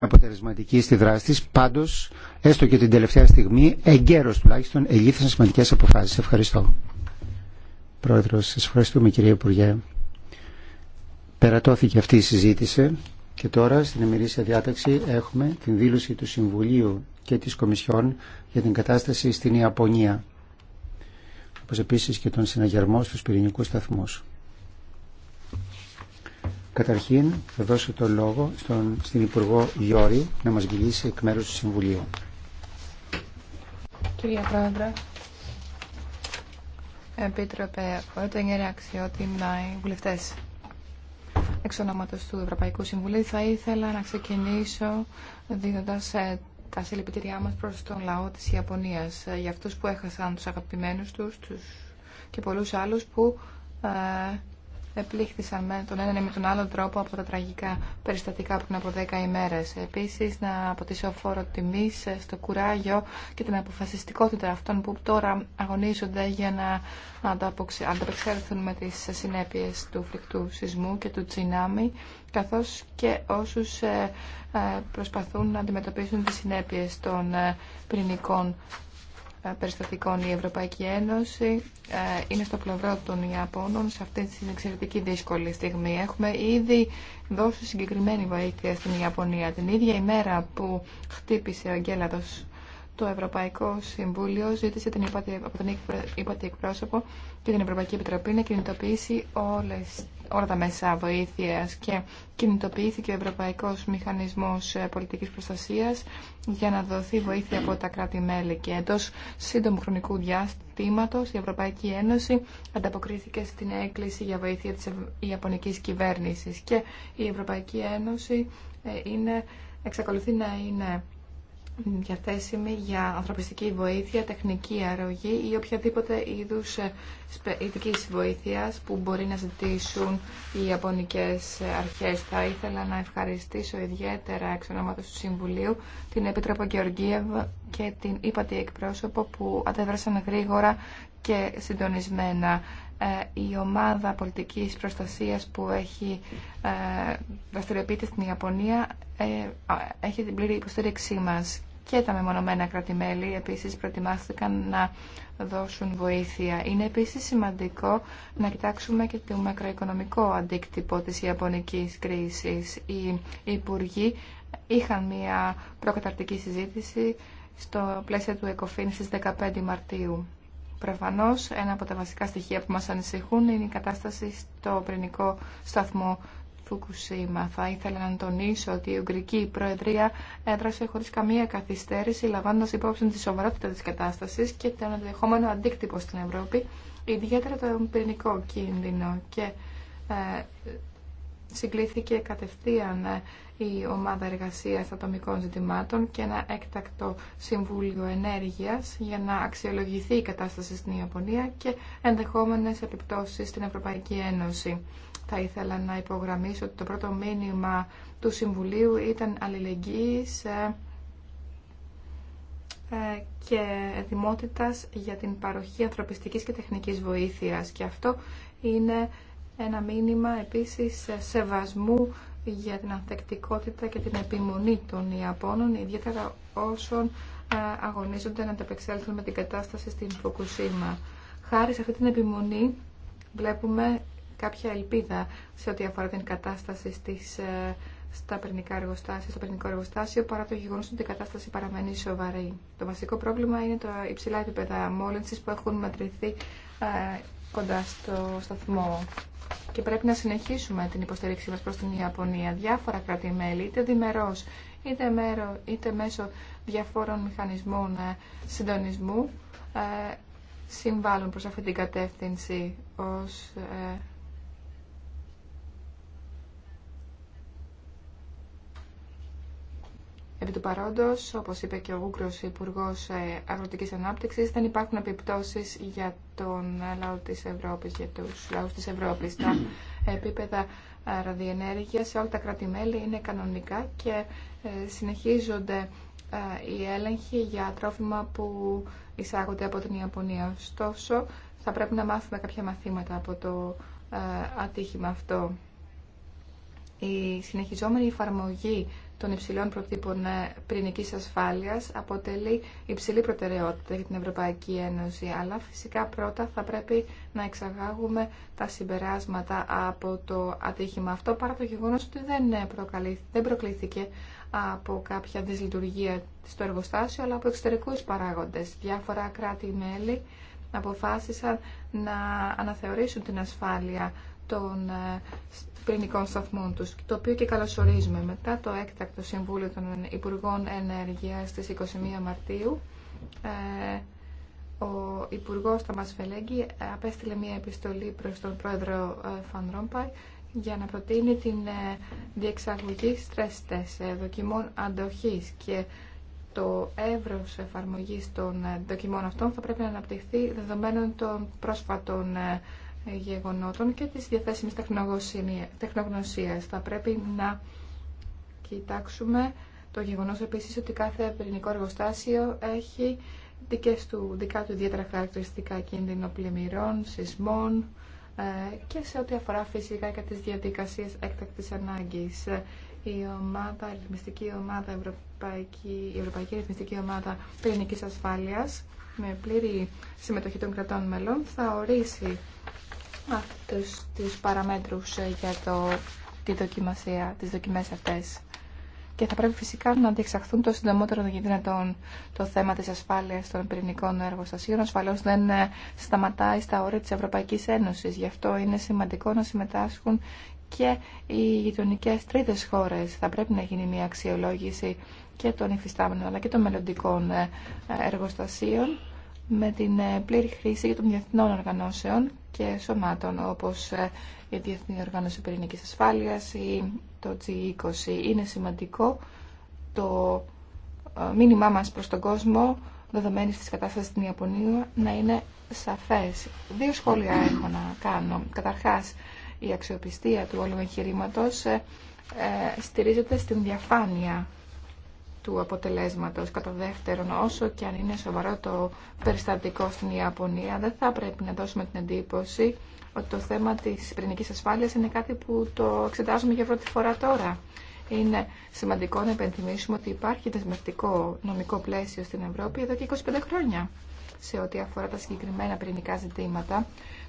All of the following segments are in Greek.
αποτελεσματική στη δράση της, πάντως, έστω και την τελευταία στιγμή, εγκαίρως τουλάχιστον, ελήφθησαν σημαντικές αποφάσεις. Ευχαριστώ. Πρόεδρος, σας ευχαριστούμε κύριε Υπουργέ. Περατώθηκε αυτή η συζήτηση και τώρα στην εμμυρίσια διάταξη έχουμε την δήλωση του Συμβουλίου και της Κομισιόν για την κατάσταση στην Ιαπωνία, όπως επίσης και τον συναγερμό στους πυρηνικούς σταθμούς. Καταρχήν θα δώσω το λόγο στον, στην Υπουργό Γιώρη να μας μιλήσει εκ μέρους του Συμβουλίου. Κυρία Πρόεδρε, Επίτροπε Ότεγκερ, οι βουλευτέ. Εξ ονόματος του Ευρωπαϊκού Συμβουλίου θα ήθελα να ξεκινήσω δίνοντας ε, τα συλληπιτήριά μας προς τον λαό της Ιαπωνίας ε, για αυτούς που έχασαν τους αγαπημένους τους, τους και πολλούς άλλους που ε, επλήχθησαν με τον έναν ή με τον άλλον τρόπο από τα τραγικά περιστατικά πριν από δέκα ημέρες. Επίσης, να αποτίσω φόρο τιμή ε, στο κουράγιο και την αποφασιστικότητα αυτών που τώρα αγωνίζονται για να ανταπεξέλθουν με τις συνέπειες του φρικτού σεισμού και του τσινάμι, καθώς και όσους ε, ε, προσπαθούν να αντιμετωπίσουν τι συνέπειε των πυρηνικών περιστατικών η Ευρωπαϊκή Ένωση ε, είναι στο πλευρό των Ιαπώνων σε αυτή την εξαιρετική δύσκολη στιγμή. Έχουμε ήδη δώσει συγκεκριμένη βοήθεια στην Ιαπωνία. Την ίδια ημέρα που χτύπησε ο Αγγέλαδος το Ευρωπαϊκό Συμβούλιο ζήτησε την υπάτη, από τον εκπρόσωπο και την Ευρωπαϊκή Επιτροπή να κινητοποιήσει όλες όλα τα μέσα βοήθειας και κινητοποιήθηκε ο Ευρωπαϊκός Μηχανισμός ε, Πολιτικής Προστασίας για να δοθεί βοήθεια από τα κράτη-μέλη και εντός σύντομου χρονικού διάστηματος η Ευρωπαϊκή Ένωση ανταποκρίθηκε στην έκκληση για βοήθεια της Ιαπωνικής κυβέρνησης και η Ευρωπαϊκή Ένωση ε, είναι, εξακολουθεί να είναι διαθέσιμη για ανθρωπιστική βοήθεια, τεχνική αρρωγή ή οποιαδήποτε είδους ε, ειδικής βοήθειας που μπορεί να ζητήσουν οι Ιαπωνικές αρχές. Θα ήθελα να ευχαριστήσω ιδιαίτερα εξ ονόματος του Συμβουλίου την Επίτροπο Γεωργίευ και την ύπατη εκπρόσωπο που αντέδρασαν γρήγορα και συντονισμένα. Ε, η ομάδα πολιτικής προστασίας που έχει ε, δραστηριοποιείται στην Ιαπωνία έχει την πλήρη υποστήριξή μας και τα μεμονωμένα κρατημέλη επίσης προετοιμάστηκαν να δώσουν βοήθεια. Είναι επίσης σημαντικό να κοιτάξουμε και το μακροοικονομικό αντίκτυπο της ιαπωνικής κρίσης. Οι υπουργοί είχαν μια προκαταρτική συζήτηση στο πλαίσιο του ΕΚΟΦΗΝ στις 15 Μαρτίου. Προφανώς, ένα από τα βασικά στοιχεία που μας ανησυχούν είναι η κατάσταση στο πρινικό σταθμό Φουκουσίμα. Θα ήθελα να τονίσω ότι η Ουγγρική Προεδρία έδρασε χωρίς καμία καθυστέρηση, λαμβάνοντα υπόψη τη σοβαρότητα τη κατάστασης και τον ενδεχόμενο αντίκτυπο στην Ευρώπη, ιδιαίτερα τον πυρηνικό κίνδυνο. Και ε, συγκλήθηκε κατευθείαν ε, η ομάδα εργασίας ατομικών ζητημάτων και ένα έκτακτο Συμβούλιο Ενέργειας για να αξιολογηθεί η κατάσταση στην Ιαπωνία και ενδεχόμενες επιπτώσεις στην Ευρωπαϊκή Ένωση. Θα ήθελα να υπογραμμίσω ότι το πρώτο μήνυμα του Συμβουλίου ήταν αλληλεγγύης ε, ε, και δημότητας για την παροχή ανθρωπιστικής και τεχνικής βοήθειας. Και αυτό είναι ένα μήνυμα επίσης ε, σεβασμού για την ανθεκτικότητα και την επιμονή των Ιαπώνων, ιδιαίτερα όσων ε, αγωνίζονται να ανταπεξέλθουν με την κατάσταση στην Φουκουσίμα. Χάρη σε αυτή την επιμονή βλέπουμε κάποια ελπίδα σε ό,τι αφορά την κατάσταση στις, ε, στα πυρηνικά εργοστάσια, στο εργοστάσιο, παρά το γεγονό ότι η κατάσταση παραμένει σοβαρή. Το βασικό πρόβλημα είναι τα υψηλά επίπεδα μόλυνση που έχουν μετρηθεί ε, κοντά στο σταθμό και πρέπει να συνεχίσουμε την υποστήριξή μας προς την Ιαπωνία. Διάφορα κράτη-μέλη, είτε διμερός, είτε, μέρο, είτε μέσω διαφόρων μηχανισμών ε, συντονισμού, ε, συμβάλλουν προς αυτή την κατεύθυνση ως ε, Επί του παρόντο, όπως είπε και ο Ούγκρο Υπουργό ε, Αγροτική ανάπτυξη δεν υπάρχουν επιπτώσει για τον ε, λαό τη Ευρώπη, για του λάου της Ευρώπης. Τα επίπεδα ε, ραδιενέργεια σε όλα τα κράτη-μέλη είναι κανονικά και συνεχίζονται οι έλεγχοι για τρόφιμα που εισάγονται από την Ιαπωνία. Ωστόσο, θα πρέπει να μάθουμε κάποια μαθήματα από το ατύχημα αυτό. Η συνεχιζόμενη εφαρμογή των υψηλών προτύπων ε, πυρηνική ασφάλεια αποτελεί υψηλή προτεραιότητα για την Ευρωπαϊκή Ένωση. Αλλά φυσικά πρώτα θα πρέπει να εξαγάγουμε τα συμπεράσματα από το ατύχημα αυτό, παρά το γεγονό ότι δεν, ε, δεν προκλήθηκε από κάποια δυσλειτουργία στο εργοστάσιο, αλλά από εξωτερικού παράγοντε. Διάφορα κράτη-μέλη αποφάσισαν να αναθεωρήσουν την ασφάλεια των ε, πυρηνικών σταθμών τους, το οποίο και καλωσορίζουμε μετά το έκτακτο Συμβούλιο των Υπουργών Ενέργειας στις 21 Μαρτίου. Ε, ο Υπουργό Φελέγγι ε, απέστειλε μια επιστολή προς τον Πρόεδρο Φαν για να προτείνει την διεξαγωγή stress test δοκιμών αντοχής και το εύρος εφαρμογής των δοκιμών αυτών θα πρέπει να αναπτυχθεί δεδομένων των πρόσφατων γεγονότων και της διαθέσιμης τεχνογνωσίας. Θα πρέπει να κοιτάξουμε το γεγονός επίσης ότι κάθε πυρηνικό εργοστάσιο έχει δικές του, δικά του ιδιαίτερα χαρακτηριστικά κίνδυνο πλημμυρών, σεισμών ε, και σε ό,τι αφορά φυσικά και τις διαδικασίες έκτακτης ανάγκης. Η ομάδα, η ομάδα, Ευρωπαϊκή, η Ευρωπαϊκή Ρυθμιστική Ομάδα Πυρηνικής Ασφάλειας με πλήρη συμμετοχή των κρατών μελών θα ορίσει αυτούς τους παραμέτρους ε, για το, τη δοκιμασία, τις δοκιμές αυτές. Και θα πρέπει φυσικά να διεξαχθούν το συντομότερο δυνατόν το θέμα της ασφάλειας των πυρηνικών εργοστασίων. Ασφαλώς δεν ε, σταματάει στα όρια της Ευρωπαϊκής Ένωσης. Γι' αυτό είναι σημαντικό να συμμετάσχουν και οι γειτονικέ τρίτες χώρες. Θα πρέπει να γίνει μια αξιολόγηση και των υφιστάμενων αλλά και των μελλοντικών ε, εργοστασίων με την ε, πλήρη χρήση των διεθνών οργανώσεων και σωμάτων όπως ε, η Διεθνή Οργάνωση Πυρηνικής Ασφάλειας ή το G20. Είναι σημαντικό το ε, μήνυμά μας προς τον κόσμο δεδομένη της κατάστασης στην Ιαπωνία να είναι σαφές. Δύο σχόλια έχω να κάνω. Καταρχάς, η αξιοπιστία του όλου εγχειρήματο στηρίζεται στην διαφάνεια του αποτελέσματος. Κατά δεύτερον, όσο και αν είναι σοβαρό το περιστατικό στην Ιαπωνία, δεν θα πρέπει να δώσουμε την εντύπωση ότι το θέμα της πυρηνικής ασφάλειας είναι κάτι που το εξετάζουμε για πρώτη φορά τώρα. Είναι σημαντικό να επενθυμίσουμε ότι υπάρχει δεσμευτικό νομικό πλαίσιο στην Ευρώπη εδώ και 25 χρόνια σε ό,τι αφορά τα συγκεκριμένα πυρηνικά ζητήματα.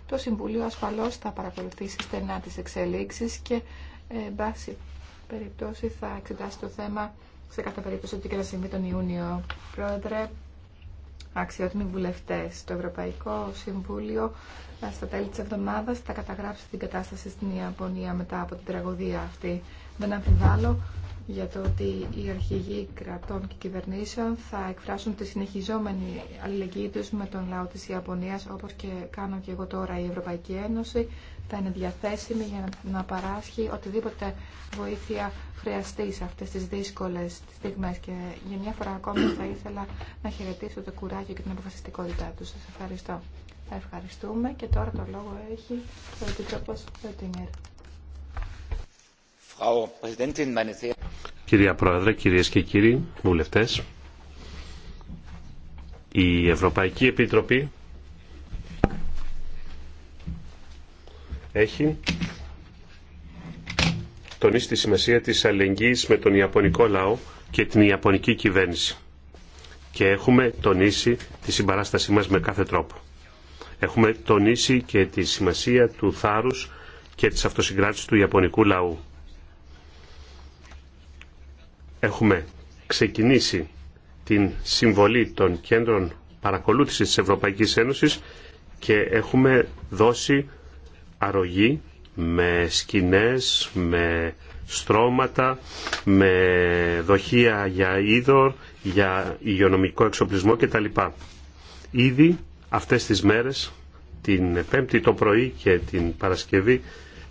Το Συμβούλιο ασφαλώς θα παρακολουθήσει στενά τις εξελίξεις και ε, εν πάση περιπτώσει θα εξετάσει το θέμα σε κάθε περίπτωση ότι και θα συμβεί τον Ιούνιο. Πρόεδρε, αξιότιμοι βουλευτέ, το Ευρωπαϊκό Συμβούλιο ε, στα τέλη τη εβδομάδα θα καταγράψει την κατάσταση στην Ιαπωνία μετά από την τραγωδία αυτή. Δεν αμφιβάλλω για το ότι οι αρχηγοί κρατών και κυβερνήσεων θα εκφράσουν τη συνεχιζόμενη αλληλεγγύη του με τον λαό της Ιαπωνίας, όπως και κάνω και εγώ τώρα η Ευρωπαϊκή Ένωση, θα είναι διαθέσιμη για να παράσχει οτιδήποτε βοήθεια χρειαστεί σε αυτές τις δύσκολες στιγμές. Και για μια φορά ακόμα θα ήθελα να χαιρετήσω το κουράγιο και την αποφασιστικότητά του. Σας ευχαριστώ. Θα ευχαριστούμε και τώρα το λόγο έχει ο Επιτρόπος Ρετινιέρ. Κυρία Πρόεδρε, κυρίες και κύριοι βουλευτές, η Ευρωπαϊκή Επιτροπή έχει τονίσει τη σημασία της αλληλεγγύης με τον Ιαπωνικό λαό και την Ιαπωνική κυβέρνηση. Και έχουμε τονίσει τη συμπαράστασή μας με κάθε τρόπο. Έχουμε τονίσει και τη σημασία του θάρρους και της αυτοσυγκράτησης του Ιαπωνικού λαού. Έχουμε ξεκινήσει την συμβολή των κέντρων παρακολούθησης της Ευρωπαϊκής Ένωσης και έχουμε δώσει αρρωγή με σκηνές, με στρώματα, με δοχεία για είδωρ, για υγειονομικό εξοπλισμό κτλ. Ήδη αυτές τις μέρες, την Πέμπτη το πρωί και την Παρασκευή,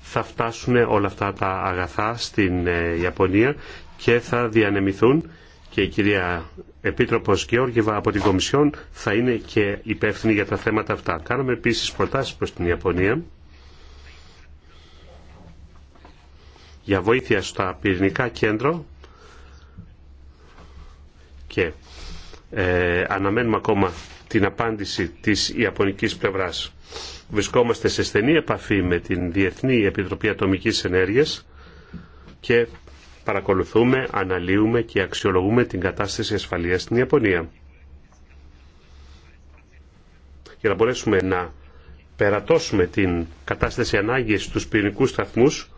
θα φτάσουν όλα αυτά τα αγαθά στην ε, Ιαπωνία και θα διανεμηθούν και η κυρία Επίτροπος Γεώργιεβα από την Κομισιόν θα είναι και υπεύθυνη για τα θέματα αυτά. Κάναμε επίσης προτάσεις προς την Ιαπωνία για βοήθεια στα πυρηνικά κέντρο και ε, αναμένουμε ακόμα την απάντηση της Ιαπωνικής πλευράς. Βρισκόμαστε σε στενή επαφή με την Διεθνή Επιτροπή Ατομικής Ενέργειας και παρακολουθούμε, αναλύουμε και αξιολογούμε την κατάσταση ασφαλείας στην Ιαπωνία. Για να μπορέσουμε να περατώσουμε την κατάσταση ανάγκης στους πυρηνικούς σταθμούς,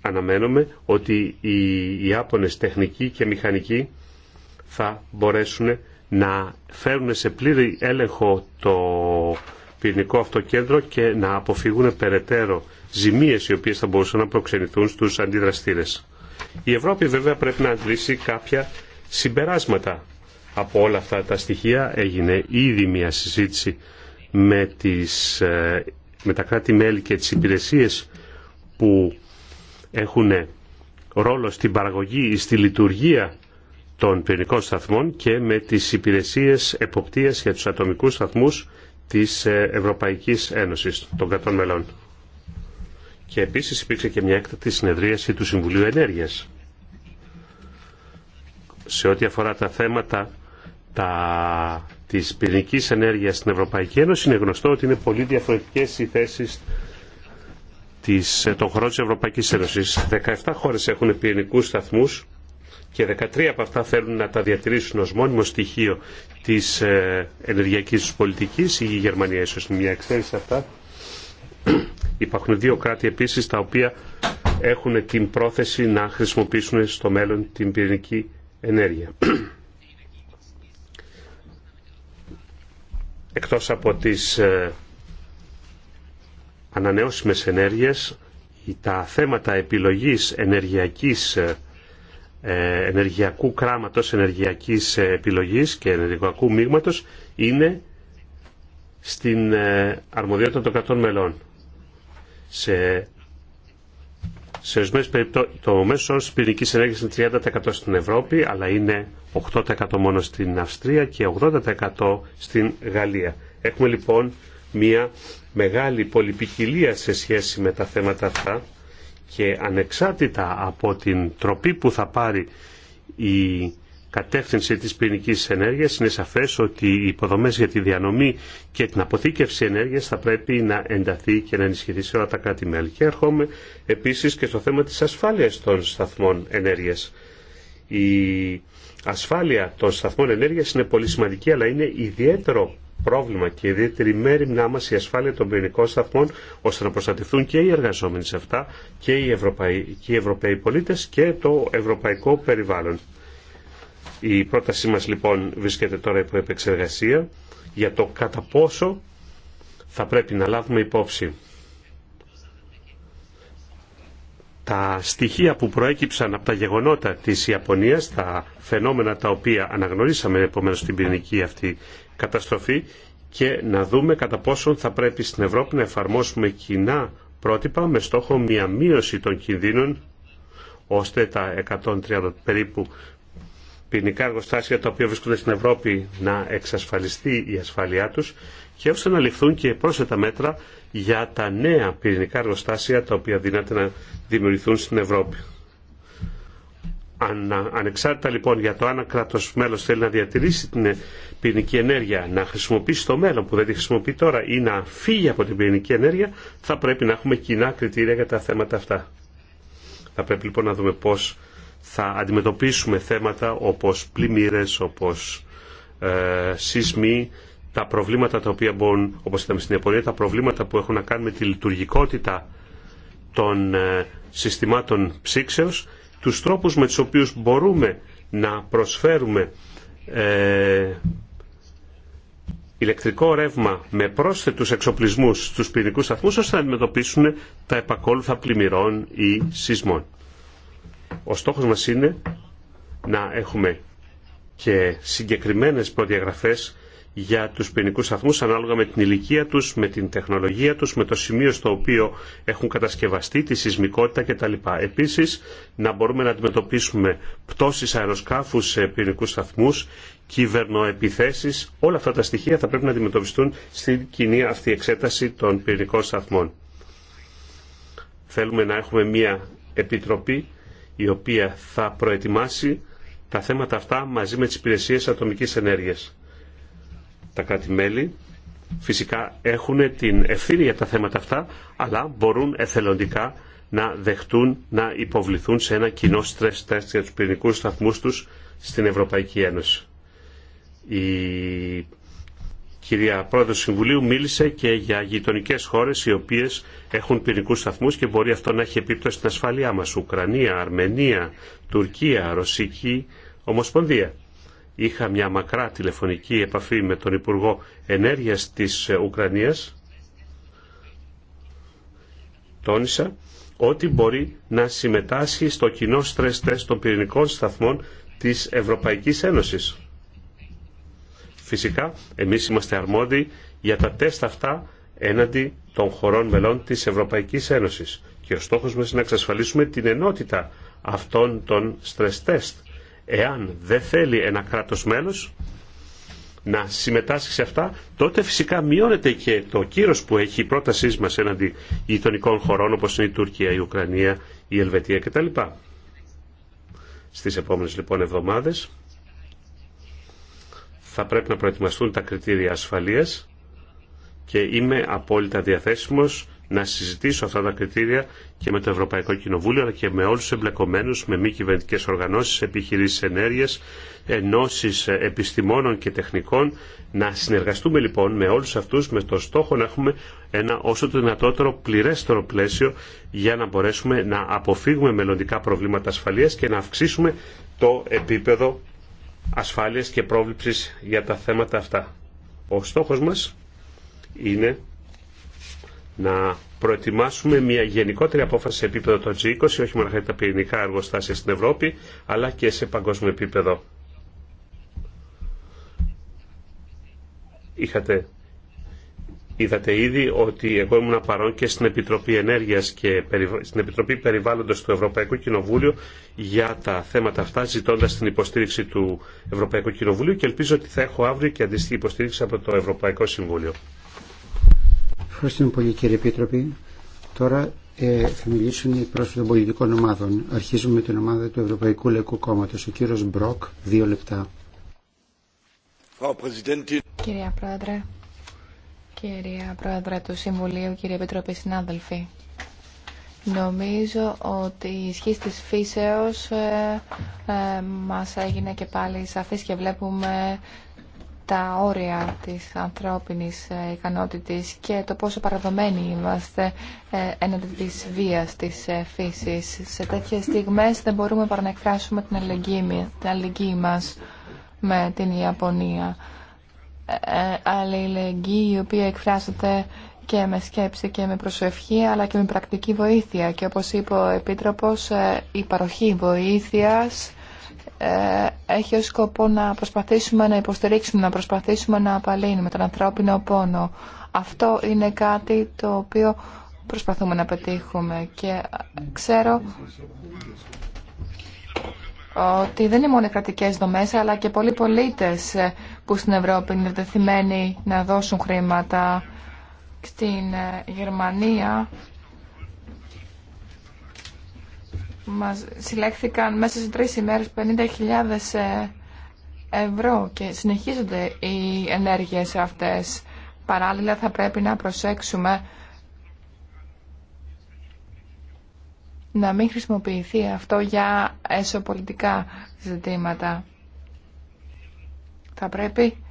αναμένουμε ότι οι Ιάπωνες τεχνικοί και μηχανικοί θα μπορέσουν να φέρουν σε πλήρη έλεγχο το πυρηνικό αυτό κέντρο και να αποφύγουν περαιτέρω ζημίες οι οποίες θα μπορούσαν να προξενηθούν στους αντιδραστήρες. Η Ευρώπη βέβαια πρέπει να αντλήσει κάποια συμπεράσματα από όλα αυτά τα στοιχεία. Έγινε ήδη μια συζήτηση με, τις, ε, με τα κράτη-μέλη και τις υπηρεσίες που έχουν ρόλο στην παραγωγή ή στη λειτουργία των πυρηνικών σταθμών και με τις υπηρεσίες εποπτείας για τους ατομικούς σταθμούς της ε, Ευρωπαϊκής Ένωσης των Κατών μελών. Και επίσης υπήρξε και μια έκτατη συνεδρίαση του Συμβουλίου Ενέργειας. Σε ό,τι αφορά τα θέματα τα, της πυρηνικής ενέργειας στην Ευρωπαϊκή Ένωση είναι γνωστό ότι είναι πολύ διαφορετικές οι θέσεις της, ε, των χωρών της Ευρωπαϊκής Ένωσης. 17 χώρες έχουν πυρηνικούς σταθμούς και 13 από αυτά θέλουν να τα διατηρήσουν ως μόνιμο στοιχείο της ε, ενεργειακής τους πολιτικής. Η Γερμανία ίσως είναι μια εξαίρεση σε αυτά. Υπάρχουν δύο κράτη επίσης τα οποία έχουν την πρόθεση να χρησιμοποιήσουν στο μέλλον την πυρηνική ενέργεια. Εκτός από τις ε, ανανεώσιμες ενέργειες, τα θέματα επιλογής ενεργειακής ε, ε, ενεργειακού κράματος, ενεργειακής ε, επιλογής και ενεργειακού μείγματος είναι στην ε, αρμοδιότητα των κρατών μελών. Σε, σε ορισμένες περιπτώσεις το μέσο όρος πυρηνικής ενέργειας είναι 30% στην Ευρώπη, αλλά είναι 8% μόνο στην Αυστρία και 80% στην Γαλλία. Έχουμε λοιπόν μια μεγάλη πολυπικιλία σε σχέση με τα θέματα αυτά και ανεξάρτητα από την τροπή που θα πάρει η κατεύθυνση της ποινική ενέργειας είναι σαφές ότι οι υποδομές για τη διανομή και την αποθήκευση ενέργειας θα πρέπει να ενταθεί και να ενισχυθεί σε όλα τα κράτη-μέλη. Και έρχομαι επίσης και στο θέμα της ασφάλειας των σταθμών ενέργειας. Η ασφάλεια των σταθμών ενέργειας είναι πολύ σημαντική αλλά είναι ιδιαίτερο πρόβλημα και ιδιαίτερη μέρη να μα η ασφάλεια των πυρηνικών σταθμών, ώστε να προστατευτούν και οι εργαζόμενοι σε αυτά και οι, Ευρωπαϊ... οι Ευρωπαίοι πολίτες και το ευρωπαϊκό περιβάλλον. Η πρότασή μας λοιπόν βρίσκεται τώρα υπό επεξεργασία για το κατά πόσο θα πρέπει να λάβουμε υπόψη τα στοιχεία που προέκυψαν από τα γεγονότα της Ιαπωνίας, τα φαινόμενα τα οποία αναγνωρίσαμε επομένως στην πυρηνική αυτή καταστροφή και να δούμε κατά πόσον θα πρέπει στην Ευρώπη να εφαρμόσουμε κοινά πρότυπα με στόχο μια μείωση των κινδύνων ώστε τα 130 περίπου ποινικά εργοστάσια τα οποία βρίσκονται στην Ευρώπη να εξασφαλιστεί η ασφαλειά τους και ώστε να ληφθούν και πρόσθετα μέτρα για τα νέα πυρηνικά εργοστάσια τα οποία δύναται να δημιουργηθούν στην Ευρώπη ανεξάρτητα λοιπόν για το αν ένα κράτο μέλο θέλει να διατηρήσει την πυρηνική ενέργεια, να χρησιμοποιήσει το μέλλον που δεν τη χρησιμοποιεί τώρα ή να φύγει από την πυρηνική ενέργεια, θα πρέπει να έχουμε κοινά κριτήρια για τα θέματα αυτά. Θα πρέπει λοιπόν να δούμε πώ θα αντιμετωπίσουμε θέματα όπω πλημμύρε, όπω ε, σεισμοί, τα προβλήματα τα οποία μπορούν, όπω είδαμε στην Ιαπωνία, τα προβλήματα που έχουν να κάνουν με τη λειτουργικότητα των ε, συστημάτων ψήξεως τους τρόπους με τους οποίους μπορούμε να προσφέρουμε ε, ηλεκτρικό ρεύμα με πρόσθετους εξοπλισμούς στους πυρηνικούς σταθμούς ώστε να αντιμετωπίσουν τα επακόλουθα πλημμυρών ή σεισμών. Ο στόχος μας είναι να έχουμε και συγκεκριμένες προδιαγραφές για τους ποινικούς σταθμούς ανάλογα με την ηλικία τους, με την τεχνολογία τους, με το σημείο στο οποίο έχουν κατασκευαστεί, τη σεισμικότητα κτλ. Επίσης, να μπορούμε να αντιμετωπίσουμε πτώσεις αεροσκάφου σε ποινικούς σταθμούς, κυβερνοεπιθέσεις, όλα αυτά τα στοιχεία θα πρέπει να αντιμετωπιστούν στην κοινή αυτή εξέταση των ποινικών σταθμών. Θέλουμε να έχουμε μια επιτροπή η οποία θα προετοιμάσει τα θέματα αυτά μαζί με τις υπηρεσίες ατομικής ενέργειας τα κράτη-μέλη φυσικά έχουν την ευθύνη για τα θέματα αυτά, αλλά μπορούν εθελοντικά να δεχτούν να υποβληθούν σε ένα κοινό stress test για τους πυρηνικούς σταθμούς τους στην Ευρωπαϊκή Ένωση. Η κυρία Πρόεδρος Συμβουλίου μίλησε και για γειτονικέ χώρες οι οποίες έχουν πυρηνικούς σταθμούς και μπορεί αυτό να έχει επίπτωση στην ασφαλεία μας. Ουκρανία, Αρμενία, Τουρκία, Ρωσική Ομοσπονδία είχα μια μακρά τηλεφωνική επαφή με τον Υπουργό Ενέργειας της ε, Ουκρανίας τόνισα ότι μπορεί να συμμετάσχει στο κοινό στρες τεστ των πυρηνικών σταθμών της Ευρωπαϊκής Ένωσης. Φυσικά, εμείς είμαστε αρμόδιοι για τα τεστ αυτά έναντι των χωρών μελών της Ευρωπαϊκής Ένωσης. Και ο στόχος μας είναι να εξασφαλίσουμε την ενότητα αυτών των στρες τεστ. Εάν δεν θέλει ένα κράτος μέλος να συμμετάσχει σε αυτά, τότε φυσικά μειώνεται και το κύρος που έχει η πρότασή μας έναντι γειτονικών χωρών όπως είναι η Τουρκία, η Ουκρανία, η Ελβετία κτλ. Στις επόμενες λοιπόν εβδομάδες θα πρέπει να προετοιμαστούν τα κριτήρια ασφαλείας και είμαι απόλυτα διαθέσιμος να συζητήσω αυτά τα κριτήρια και με το Ευρωπαϊκό Κοινοβούλιο αλλά και με όλους τους εμπλεκομένους, με μη κυβερνητικέ οργανώσεις, επιχειρήσεις ενέργειας, ενώσεις επιστημόνων και τεχνικών. Να συνεργαστούμε λοιπόν με όλους αυτούς με το στόχο να έχουμε ένα όσο το δυνατότερο πληρέστερο πλαίσιο για να μπορέσουμε να αποφύγουμε μελλοντικά προβλήματα ασφαλείας και να αυξήσουμε το επίπεδο ασφάλειας και πρόβληψης για τα θέματα αυτά. Ο στόχος μας είναι να προετοιμάσουμε μια γενικότερη απόφαση σε επίπεδο των G20, όχι μόνο για τα πυρηνικά εργοστάσια στην Ευρώπη, αλλά και σε παγκόσμιο επίπεδο. Είχατε, είδατε ήδη ότι εγώ ήμουν παρόν και στην Επιτροπή Ενέργειας και στην Επιτροπή Περιβάλλοντος του Ευρωπαϊκού Κοινοβούλιο για τα θέματα αυτά, ζητώντας την υποστήριξη του Ευρωπαϊκού Κοινοβουλίου και ελπίζω ότι θα έχω αύριο και αντίστοιχη υποστήριξη από το Ευρωπαϊκό Συμβούλιο. Ευχαριστούμε πολύ κύριε Επίτροπη. Τώρα ε, θα μιλήσουν οι πρόσωποι των πολιτικών ομάδων. Αρχίζουμε με την ομάδα του Ευρωπαϊκού Λαϊκού Κόμματος. Ο κύριος Μπροκ, δύο λεπτά. Κυρία Πρόεδρε, κυρία Πρόεδρε του Συμβουλίου, κύριε Επιτροπή, συνάδελφοι. Νομίζω ότι η ισχύ της φύσεως ε, ε μας έγινε και πάλι σαφής και βλέπουμε τα όρια της ανθρώπινης ε, ικανότητης και το πόσο παραδομένοι είμαστε ε, έναντι της βίας της ε, φύσης. Σε τέτοιες στιγμές δεν μπορούμε παρά να εκφράσουμε την αλληλεγγύη, την αλληλεγγύη μας με την Ιαπωνία. Αλληλεγγύη η οποία εκφράζεται και με σκέψη και με προσευχή αλλά και με πρακτική βοήθεια και όπως είπε ο Επίτροπος η παροχή βοήθειας ε, έχει ως σκοπό να προσπαθήσουμε να υποστηρίξουμε, να προσπαθήσουμε να απαλύνουμε τον ανθρώπινο πόνο. Αυτό είναι κάτι το οποίο προσπαθούμε να πετύχουμε και ξέρω ότι δεν είναι μόνο οι κρατικές δομές αλλά και πολλοί πολίτες που στην Ευρώπη είναι δεθυμένοι να δώσουν χρήματα. Στην ε, Γερμανία μας συλλέχθηκαν μέσα σε τρεις ημέρες 50.000 ε, ευρώ και συνεχίζονται οι ενέργειες αυτές. Παράλληλα θα πρέπει να προσέξουμε να μην χρησιμοποιηθεί αυτό για εσωπολιτικά ζητήματα. Θα πρέπει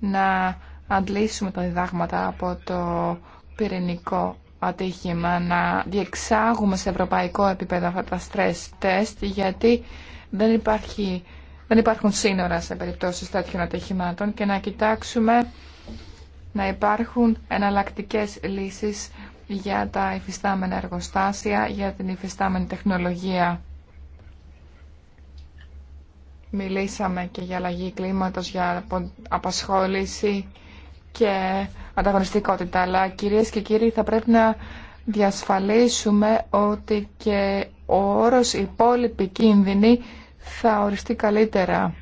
να αντλήσουμε τα διδάγματα από το πυρηνικό ατύχημα να διεξάγουμε σε ευρωπαϊκό επίπεδο αυτά τα stress test γιατί δεν, υπάρχει, δεν υπάρχουν σύνορα σε περιπτώσεις τέτοιων ατυχημάτων και να κοιτάξουμε να υπάρχουν εναλλακτικές λύσεις για τα υφιστάμενα εργοστάσια, για την υφιστάμενη τεχνολογία. Μιλήσαμε και για αλλαγή κλίματος, για απασχόληση και ανταγωνιστικότητα. Αλλά κυρίες και κύριοι θα πρέπει να διασφαλίσουμε ότι και ο όρος υπόλοιπη κίνδυνη θα οριστεί καλύτερα.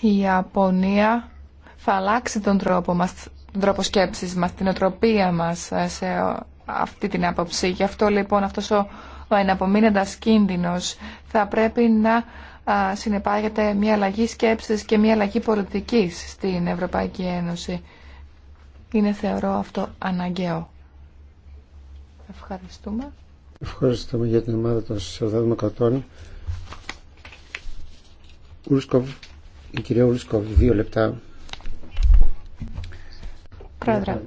Η Ιαπωνία θα αλλάξει τον τρόπο, μας, τον τρόπο σκέψης μας, την οτροπία μας ε, σε αυτή την άποψη. Γι' αυτό λοιπόν αυτός ο, ο εναπομείνοντας κίνδυνος θα πρέπει να συνεπάγεται μια αλλαγή σκέψης και μια αλλαγή πολιτικής στην Ευρωπαϊκή Ένωση. Είναι θεωρώ αυτό αναγκαίο. Ευχαριστούμε. Ευχαριστούμε για την ομάδα των Σοσιαλδημοκρατών. η κυρία Ουλσκοβ, δύο λεπτά. Πρόεδρε.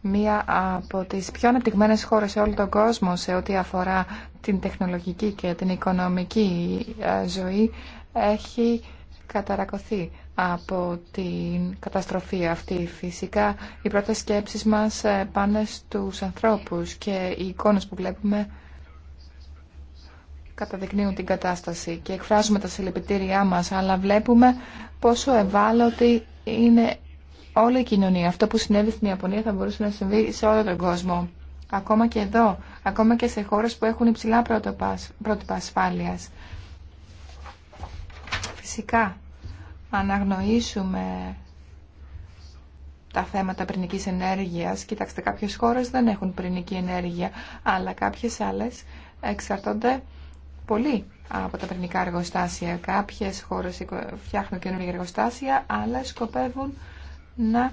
Μία από τις πιο αναπτυγμένες χώρες σε όλο τον κόσμο σε ό,τι αφορά την τεχνολογική και την οικονομική ε, ζωή έχει καταρακωθεί από την καταστροφή αυτή. Φυσικά οι πρώτες σκέψεις μας ε, πάνε στους ανθρώπους και οι εικόνες που βλέπουμε καταδεικνύουν την κατάσταση και εκφράζουμε τα συλληπιτήριά μας, αλλά βλέπουμε πόσο ευάλωτη είναι όλη η κοινωνία. Αυτό που συνέβη στην Ιαπωνία θα μπορούσε να συμβεί σε όλο τον κόσμο. Ακόμα και εδώ, ακόμα και σε χώρες που έχουν υψηλά πρότυπα ασφάλεια. Φυσικά, αναγνωρίσουμε τα θέματα πρινικής ενέργειας. Κοιτάξτε, κάποιες χώρες δεν έχουν πρινική ενέργεια, αλλά κάποιες άλλες εξαρτώνται πολύ από τα πρινικά εργοστάσια. Κάποιες χώρες φτιάχνουν καινούργια εργοστάσια, αλλά σκοπεύουν να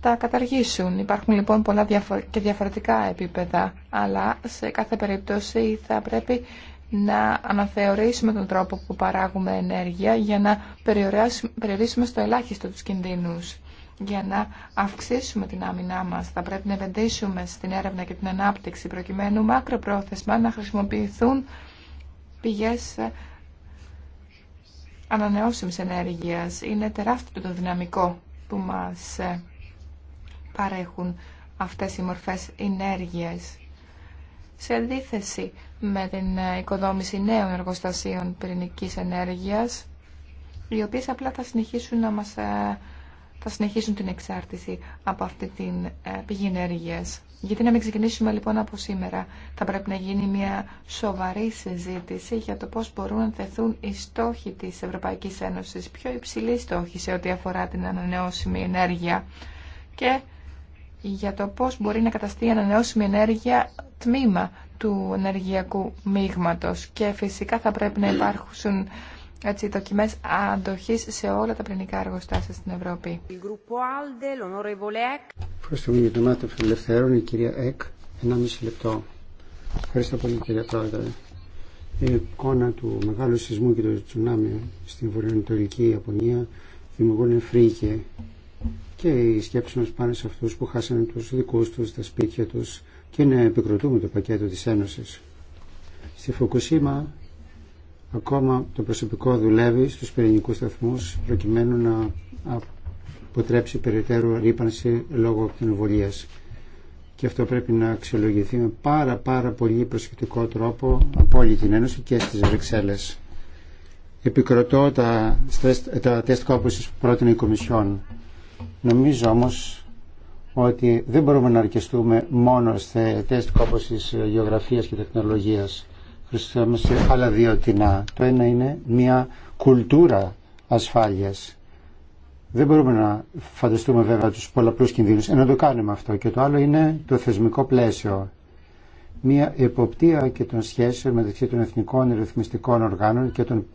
τα καταργήσουν. Υπάρχουν λοιπόν πολλά και διαφορετικά επίπεδα, αλλά σε κάθε περίπτωση θα πρέπει να αναθεωρήσουμε τον τρόπο που παράγουμε ενέργεια για να περιορίσουμε στο ελάχιστο τους κινδύνους. Για να αυξήσουμε την άμυνά μας θα πρέπει να επενδύσουμε στην έρευνα και την ανάπτυξη προκειμένου μακροπρόθεσμα να χρησιμοποιηθούν πηγές ε, ανανεώσιμης ενέργειας. Είναι τεράστιο το δυναμικό που μας ε, παρέχουν αυτές οι μορφές ενέργειας. Σε αντίθεση με την οικοδόμηση νέων εργοστασίων πυρηνικής ενέργειας, οι οποίες απλά θα συνεχίσουν, να μας, ε, θα συνεχίσουν την εξάρτηση από αυτή την ε, πηγή ενέργειας. Γιατί να μην ξεκινήσουμε λοιπόν από σήμερα. Θα πρέπει να γίνει μια σοβαρή συζήτηση για το πώς μπορούν να θεθούν οι στόχοι της Ευρωπαϊκής Ένωσης, πιο υψηλή στόχοι σε ό,τι αφορά την ανανεώσιμη ενέργεια και για το πώς μπορεί να καταστεί η ανανεώσιμη ενέργεια τμήμα του ενεργειακού μείγματος και φυσικά θα πρέπει να υπάρχουν έτσι, δοκιμές αντοχής σε όλα τα πρινικά εργοστάσια στην Ευρώπη. Ευχαριστούμε για το μάτι των ελευθερών, η κυρία Εκ, 1,5 λεπτό. Ευχαριστώ πολύ κυρία Πρόεδρε. Η εικόνα του μεγάλου σεισμού και του τσουνάμι στην βορειοανατολική Ιαπωνία δημιουργούν φρίκε και η σκέψη μας πάνω σε αυτούς που χάσανε τους δικούς τους, τα σπίτια τους, και να επικροτούμε το πακέτο της Ένωσης. Στη Φουκουσίμα ακόμα το προσωπικό δουλεύει στους πυρηνικούς σταθμούς προκειμένου να αποτρέψει περαιτέρω ρήπανση λόγω ακτινοβολίας. Και αυτό πρέπει να αξιολογηθεί με πάρα πάρα πολύ προσεκτικό τρόπο από όλη την Ένωση και στις Βρυξέλλες. Επικροτώ τα, τα τεστ που πρότεινε η Κομισιόν. Νομίζω όμως ότι δεν μπορούμε να αρκεστούμε μόνο σε τεστ όπως της ε, γεωγραφίας και τεχνολογίας. Χρησιμοποιούμε σε άλλα δύο τεινά. Το ένα είναι μια κουλτούρα ασφάλειας. Δεν μπορούμε να φανταστούμε βέβαια τους πολλαπλούς κινδύνους, ενώ το κάνουμε αυτό. Και το άλλο είναι το θεσμικό πλαίσιο. Μια εποπτεία και των σχέσεων μεταξύ των εθνικών ρυθμιστικών οργάνων και των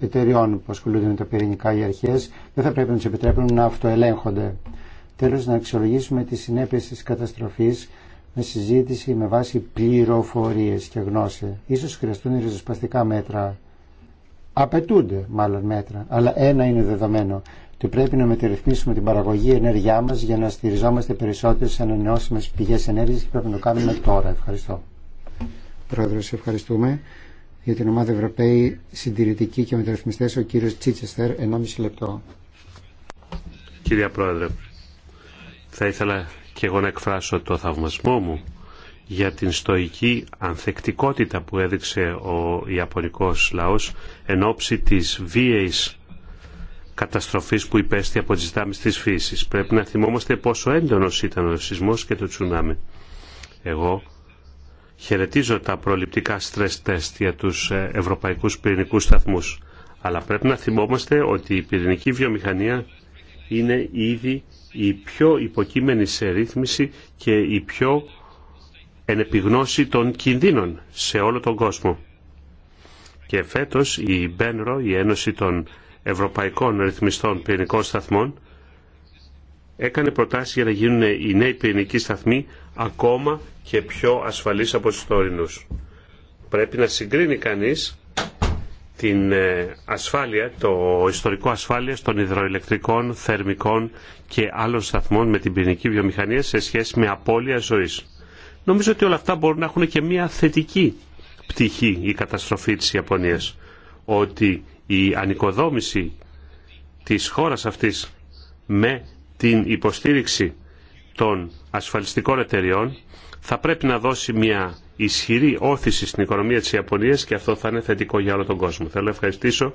εταιριών που ασχολούνται με τα πυρηνικά οι αρχές δεν θα πρέπει να τους επιτρέπουν να αυτοελέγχονται. Τέλος, να αξιολογήσουμε τις συνέπειες της καταστροφής με συζήτηση με βάση πληροφορίες και γνώση. Ίσως χρειαστούν ριζοσπαστικά μέτρα. Απαιτούνται μάλλον μέτρα, αλλά ένα είναι δεδομένο. Ότι πρέπει να μετερρυθμίσουμε την παραγωγή ενέργειά μας για να στηριζόμαστε περισσότερο σε ανανεώσιμες πηγές ενέργειας και πρέπει να το κάνουμε τώρα. Ευχαριστώ. Πρόεδρε, σε ευχαριστούμε. Για την ομάδα Ευρωπαίοι Συντηρητικοί και Μεταρρυθμιστές, ο κύριος Τσίτσεστερ, 1,5 λεπτό. Πρόεδρε, θα ήθελα και εγώ να εκφράσω το θαυμασμό μου για την στοική ανθεκτικότητα που έδειξε ο Ιαπωνικός λαός εν ώψη της βίαιης καταστροφής που υπέστη από τις δάμεις της φύσης. Πρέπει να θυμόμαστε πόσο έντονος ήταν ο σεισμός και το τσουνάμι. Εγώ χαιρετίζω τα προληπτικά stress για τους ε, ευρωπαϊκούς πυρηνικούς σταθμούς. Αλλά πρέπει να θυμόμαστε ότι η πυρηνική βιομηχανία είναι ήδη η πιο υποκείμενη σε ρύθμιση και η πιο ενεπιγνώση των κινδύνων σε όλο τον κόσμο. Και φέτος η Μπένρο, η Ένωση των Ευρωπαϊκών Ρυθμιστών Πυρηνικών Σταθμών, έκανε προτάσεις για να γίνουν οι νέοι πυρηνικοί σταθμοί ακόμα και πιο ασφαλείς από τους τωρινούς. Πρέπει να συγκρίνει κανείς την ε, ασφάλεια, το ιστορικό ασφάλεια των υδροηλεκτρικών, θερμικών και άλλων σταθμών με την πυρηνική βιομηχανία σε σχέση με απώλεια ζωής. Νομίζω ότι όλα αυτά μπορούν να έχουν και μια θετική πτυχή η καταστροφή της Ιαπωνίας. Ότι η ανοικοδόμηση της χώρας αυτής με την υποστήριξη των ασφαλιστικών εταιριών θα πρέπει να δώσει μια ισχυρή όθηση στην οικονομία της Ιαπωνίας και αυτό θα είναι θετικό για όλο τον κόσμο. Θέλω να ευχαριστήσω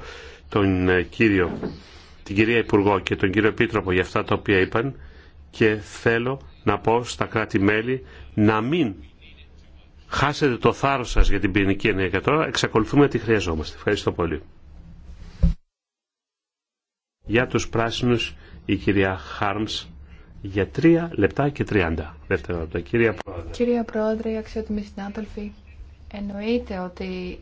τον ε, κύριο, την κυρία Υπουργό και τον κύριο Επίτροπο για αυτά τα οποία είπαν και θέλω να πω στα κράτη-μέλη να μην χάσετε το θάρρος σας για την πυρηνική ενέργεια. Τώρα εξακολουθούμε να τη χρειαζόμαστε. Ευχαριστώ πολύ. Για τους πράσινους η κυρία Χάρμς για τρία λεπτά και 30 δευτερόλεπτα. Κυρία Πρόεδρε. Κυρία Πρόεδρε, αξιότιμοι συνάδελφοι, εννοείται ότι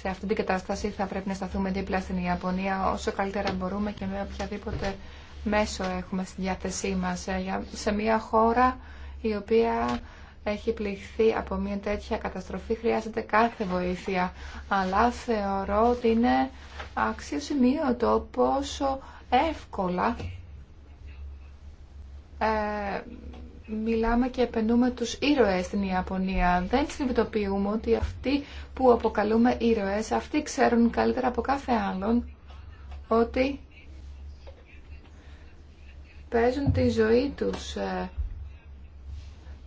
σε αυτή την κατάσταση θα πρέπει να σταθούμε δίπλα στην Ιαπωνία όσο καλύτερα μπορούμε και με οποιαδήποτε μέσο έχουμε στη διάθεσή μας ε, σε μια χώρα η οποία έχει πληχθεί από μια τέτοια καταστροφή χρειάζεται κάθε βοήθεια αλλά θεωρώ ότι είναι αξιοσημείωτο το πόσο εύκολα ε, μιλάμε και επενούμε τους ήρωες στην Ιαπωνία. Δεν συνειδητοποιούμε ότι αυτοί που αποκαλούμε ήρωες, αυτοί ξέρουν καλύτερα από κάθε άλλον ότι παίζουν τη ζωή τους ε,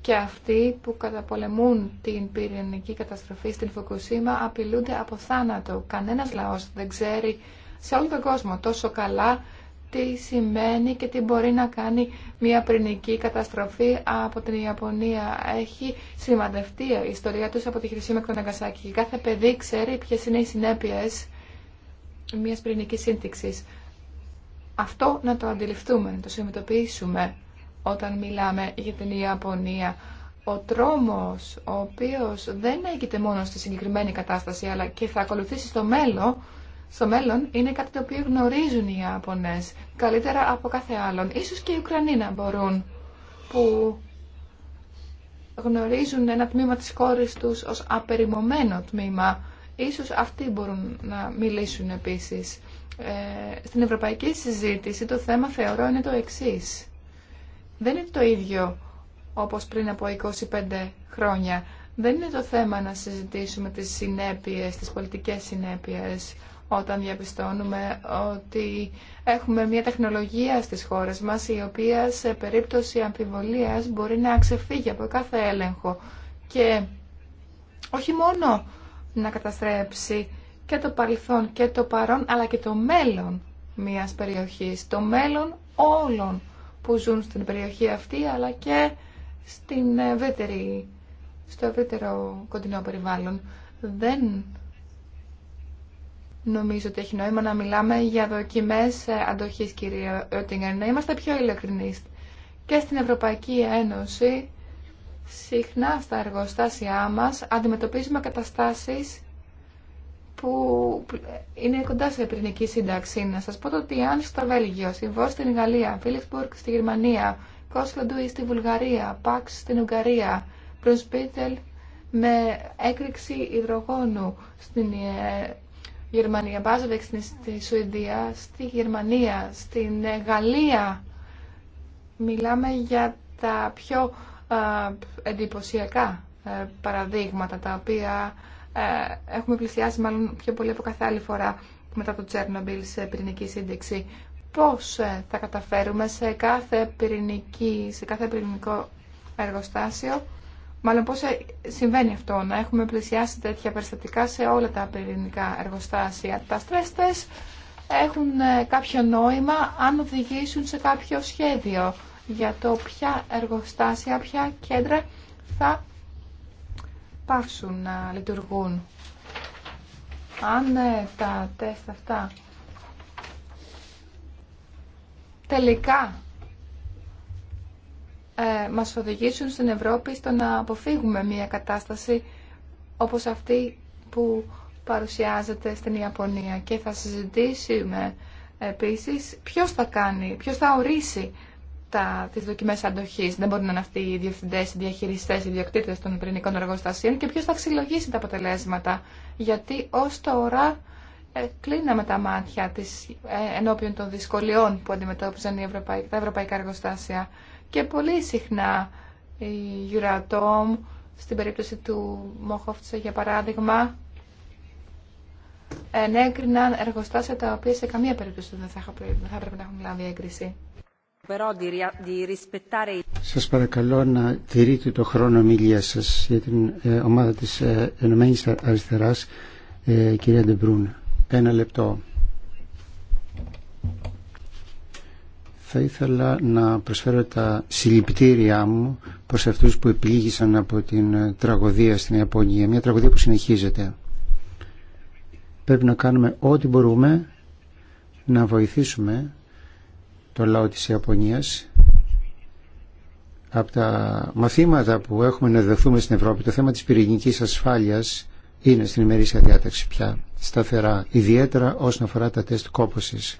και αυτοί που καταπολεμούν την πυρηνική καταστροφή στην Φουκουσίμα απειλούνται από θάνατο. Κανένας λαός δεν ξέρει σε όλο τον κόσμο τόσο καλά τι σημαίνει και τι μπορεί να κάνει μια πρινική καταστροφή από την Ιαπωνία. Έχει σημαντευτεί η ιστορία τους από τη Χρυσή Αγκασάκη. Κάθε παιδί ξέρει ποιε είναι οι συνέπειες μιας πρινικής σύνθηξης. Αυτό να το αντιληφθούμε, να το συμμετοποιήσουμε όταν μιλάμε για την Ιαπωνία. Ο τρόμος, ο οποίος δεν έγινε μόνο στη συγκεκριμένη κατάσταση, αλλά και θα ακολουθήσει στο μέλλον, στο μέλλον είναι κάτι το οποίο γνωρίζουν οι Ιάπωνες καλύτερα από κάθε άλλον. Ίσως και οι Ουκρανοί να μπορούν που γνωρίζουν ένα τμήμα της κόρης τους ως απεριμωμένο τμήμα. Ίσως αυτοί μπορούν να μιλήσουν επίσης. Ε, στην ευρωπαϊκή συζήτηση το θέμα θεωρώ είναι το εξής. Δεν είναι το ίδιο όπως πριν από 25 χρόνια. Δεν είναι το θέμα να συζητήσουμε τις συνέπειες, τις πολιτικές συνέπειες όταν διαπιστώνουμε ότι έχουμε μια τεχνολογία στις χώρες μας η οποία σε περίπτωση αμφιβολίας μπορεί να ξεφύγει από κάθε έλεγχο και όχι μόνο να καταστρέψει και το παρελθόν και το παρόν αλλά και το μέλλον μιας περιοχής, το μέλλον όλων που ζουν στην περιοχή αυτή αλλά και στην ευρύτερη, στο ευρύτερο κοντινό περιβάλλον. Δεν Νομίζω ότι έχει νόημα να μιλάμε για δοκιμέ ε, αντοχή κυρία Ότιγκερ, να είμαστε πιο ειλικρινεί. Και στην Ευρωπαϊκή Ένωση, συχνά στα εργοστάσια μα, αντιμετωπίζουμε καταστάσει που είναι κοντά σε πυρηνική σύνταξη. Να σα πω ότι αν στο Βέλγιο, στη Βόρεια στην Γαλλία, Φίλιξμπουργκ στη Γερμανία, ή στη Βουλγαρία, Πάξ στην Ουγγαρία, Προυσπίτελ με έκρηξη υδρογόνου στην ε, Γερμανία. Μπάζοβικ στη Σουηδία, στη Γερμανία, στην Γαλλία. Μιλάμε για τα πιο εντυπωσιακά ε, παραδείγματα, τα οποία ε, έχουμε πλησιάσει μάλλον πιο πολύ από κάθε άλλη φορά μετά το Τσέρνομπιλ σε πυρηνική σύνδεξη. Πώς ε, θα καταφέρουμε σε κάθε, πυρηνική, σε κάθε πυρηνικό εργοστάσιο Μάλλον πώς ε, συμβαίνει αυτό, να έχουμε πλησιάσει τέτοια περιστατικά σε όλα τα πυρηνικά εργοστάσια. Τα stress έχουν ε, κάποιο νόημα αν οδηγήσουν σε κάποιο σχέδιο για το ποια εργοστάσια, ποια κέντρα θα πάψουν να λειτουργούν. Αν ε, τα τεστ αυτά τελικά ε, μας οδηγήσουν στην Ευρώπη στο να αποφύγουμε μια κατάσταση όπως αυτή που παρουσιάζεται στην Ιαπωνία. Και θα συζητήσουμε επίσης ποιος θα κάνει, ποιος θα ορίσει τα, τις δοκιμές αντοχής. Δεν μπορούν να είναι αυτοί οι διευθυντές, οι διαχειριστές, οι διοκτήτες των πυρηνικών εργοστασίων και ποιος θα αξιολογήσει τα αποτελέσματα. Γιατί ως τώρα ε, κλείναμε τα μάτια της, ε, ενώπιον των δυσκολιών που αντιμετώπιζαν οι τα ευρωπαϊκά εργοστάσια. Και πολύ συχνά η Euratom, στην περίπτωση του Μόχοφτσα για παράδειγμα, ενέκριναν εργοστάσια τα οποία σε καμία περίπτωση δεν θα, έπρεπε να έχουν λάβει έγκριση. Σας παρακαλώ να τηρείτε το χρόνο ομιλία σας για την ε, ομάδα της ε, Ενωμένης Αριστεράς, ε, κυρία Ντεμπρούν. Ένα λεπτό. Θα ήθελα να προσφέρω τα συλληπιτήριά μου προς αυτούς που επιλήγησαν από την τραγωδία στην Ιαπωνία, μια τραγωδία που συνεχίζεται. Πρέπει να κάνουμε ό,τι μπορούμε να βοηθήσουμε το λαό της Ιαπωνίας από τα μαθήματα που έχουμε να δεθούμε στην Ευρώπη το θέμα της πυρηνικής ασφάλειας είναι στην ημερήσια διάταξη πια σταθερά ιδιαίτερα όσον αφορά τα τεστ κόπωσης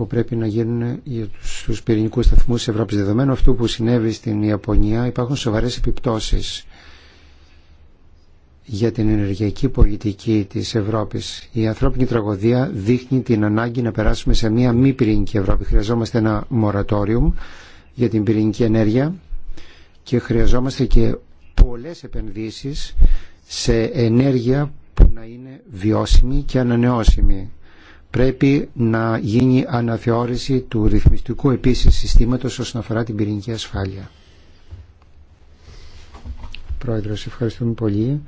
που πρέπει να γίνουν στους πυρηνικούς σταθμούς της Ευρώπης. Δεδομένου αυτού που συνέβη στην Ιαπωνία υπάρχουν σοβαρές επιπτώσεις για την ενεργειακή πολιτική της Ευρώπης. Η ανθρώπινη τραγωδία δείχνει την ανάγκη να περάσουμε σε μια μη πυρηνική Ευρώπη. Χρειαζόμαστε ένα μορατόριο για την πυρηνική ενέργεια και χρειαζόμαστε και πολλές επενδύσεις σε ενέργεια που να είναι βιώσιμη και ανανεώσιμη πρέπει να γίνει αναθεώρηση του ρυθμιστικού επίσης συστήματος όσον αφορά την πυρηνική ασφάλεια. Πρόεδρο, ευχαριστούμε πολύ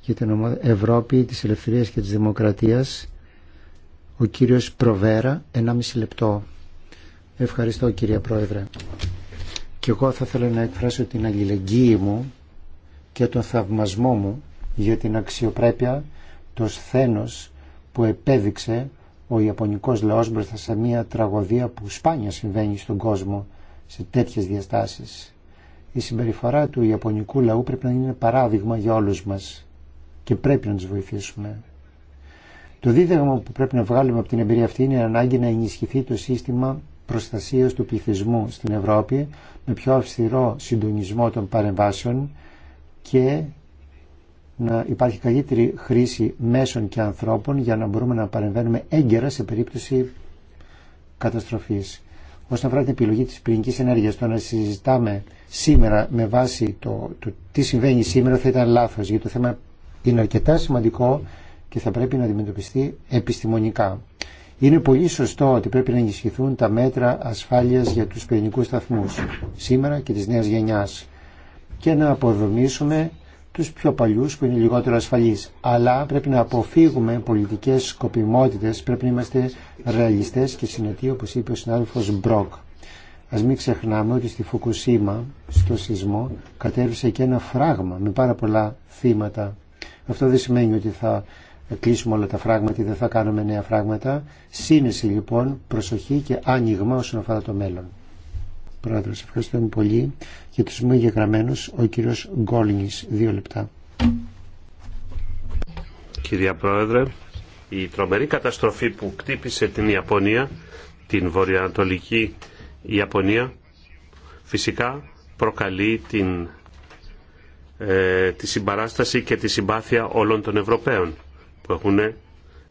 για την ομάδα Ευρώπη της Ελευθερίας και της Δημοκρατίας ο κύριος Προβέρα, 1,5 λεπτό. Ευχαριστώ κύριε Πρόεδρε. Και εγώ θα ήθελα να εκφράσω την αλληλεγγύη μου και τον θαυμασμό μου για την αξιοπρέπεια, το σθένος που επέδειξε ο Ιαπωνικός λαός μπροστά σε μια τραγωδία που σπάνια συμβαίνει στον κόσμο σε τέτοιες διαστάσεις. Η συμπεριφορά του Ιαπωνικού λαού πρέπει να είναι παράδειγμα για όλους μας και πρέπει να τους βοηθήσουμε. Το δίδαγμα που πρέπει να βγάλουμε από την εμπειρία αυτή είναι η ανάγκη να ενισχυθεί το σύστημα προστασίας του πληθυσμού στην Ευρώπη με πιο αυστηρό συντονισμό των παρεμβάσεων και να υπάρχει καλύτερη χρήση μέσων και ανθρώπων για να μπορούμε να παρεμβαίνουμε έγκαιρα σε περίπτωση καταστροφής. Όσον αφορά την επιλογή της πυρηνικής ενέργειας, το να συζητάμε σήμερα με βάση το, το τι συμβαίνει σήμερα θα ήταν λάθος, γιατί το θέμα είναι αρκετά σημαντικό και θα πρέπει να αντιμετωπιστεί επιστημονικά. Είναι πολύ σωστό ότι πρέπει να ενισχυθούν τα μέτρα ασφάλειας για τους πυρηνικούς σταθμούς σήμερα και τη νέα γενιά, και να αποδομήσουμε του πιο παλιούς που είναι λιγότερο ασφαλεί. Αλλά πρέπει να αποφύγουμε πολιτικές σκοπιμότητες, πρέπει να είμαστε ρεαλιστές και συνετοί όπω είπε ο συνάδελφο Μπροκ. Ας μην ξεχνάμε ότι στη Φουκουσίμα, στο σεισμό, κατέβησε και ένα φράγμα με πάρα πολλά θύματα. Αυτό δεν σημαίνει ότι θα κλείσουμε όλα τα φράγματα ή δεν θα κάνουμε νέα φράγματα. Σύνεση λοιπόν, προσοχή και άνοιγμα όσον αφορά το μέλλον. Πρόεδρο, Ευχαριστούμε πολύ. Για τους μη ο κύριος Γκόλινης. Δύο λεπτά. Κυρία Πρόεδρε, η τρομερή καταστροφή που κτύπησε την Ιαπωνία, την βορειοανατολική Ιαπωνία, φυσικά προκαλεί την, ε, τη συμπαράσταση και τη συμπάθεια όλων των Ευρωπαίων που έχουν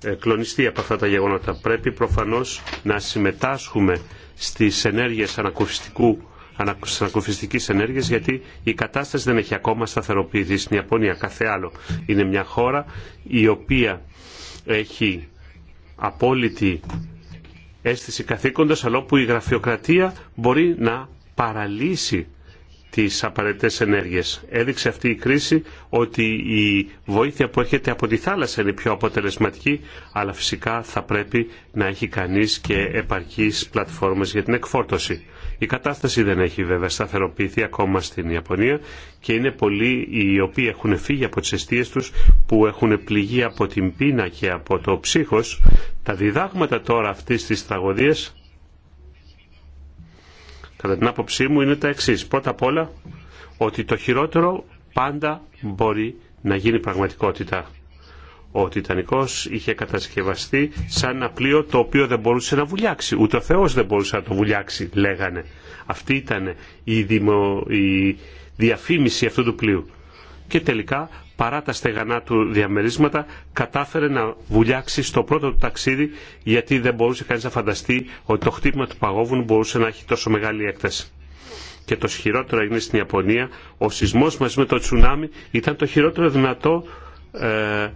ε, κλονιστεί από αυτά τα γεγονότα. Πρέπει προφανώς να συμμετάσχουμε στις ενέργειες ανακουφιστικού Τη ενέργειας γιατί η κατάσταση δεν έχει ακόμα σταθεροποιηθεί. Στην Ιαπωνία, κάθε άλλο, είναι μια χώρα η οποία έχει απόλυτη αίσθηση καθήκοντος αλλά όπου η γραφειοκρατία μπορεί να παραλύσει τις απαραίτητες ενέργειες. Έδειξε αυτή η κρίση ότι η βοήθεια που έρχεται από τη θάλασσα είναι πιο αποτελεσματική, αλλά φυσικά θα πρέπει να έχει κανείς και επαρκείς πλατφόρμες για την εκφόρτωση. Η κατάσταση δεν έχει βέβαια σταθεροποιηθεί ακόμα στην Ιαπωνία και είναι πολλοί οι οποίοι έχουν φύγει από τις αιστείες τους που έχουν πληγεί από την πείνα και από το ψύχος. Τα διδάγματα τώρα αυτής της τραγωδίας κατά την άποψή μου είναι τα εξή. Πρώτα απ' όλα ότι το χειρότερο πάντα μπορεί να γίνει πραγματικότητα. Ο Τιτανικός είχε κατασκευαστεί σαν ένα πλοίο το οποίο δεν μπορούσε να βουλιάξει. Ούτε ο Θεός δεν μπορούσε να το βουλιάξει, λέγανε. Αυτή ήταν η, η διαφήμιση αυτού του πλοίου. Και τελικά παρά τα στεγανά του διαμερίσματα, κατάφερε να βουλιάξει στο πρώτο του ταξίδι, γιατί δεν μπορούσε κανείς να φανταστεί ότι το χτύπημα του παγόβουνου μπορούσε να έχει τόσο μεγάλη έκταση. Και το χειρότερο έγινε στην Ιαπωνία. Ο σεισμός μαζί με το τσουνάμι ήταν το χειρότερο δυνατό, ε,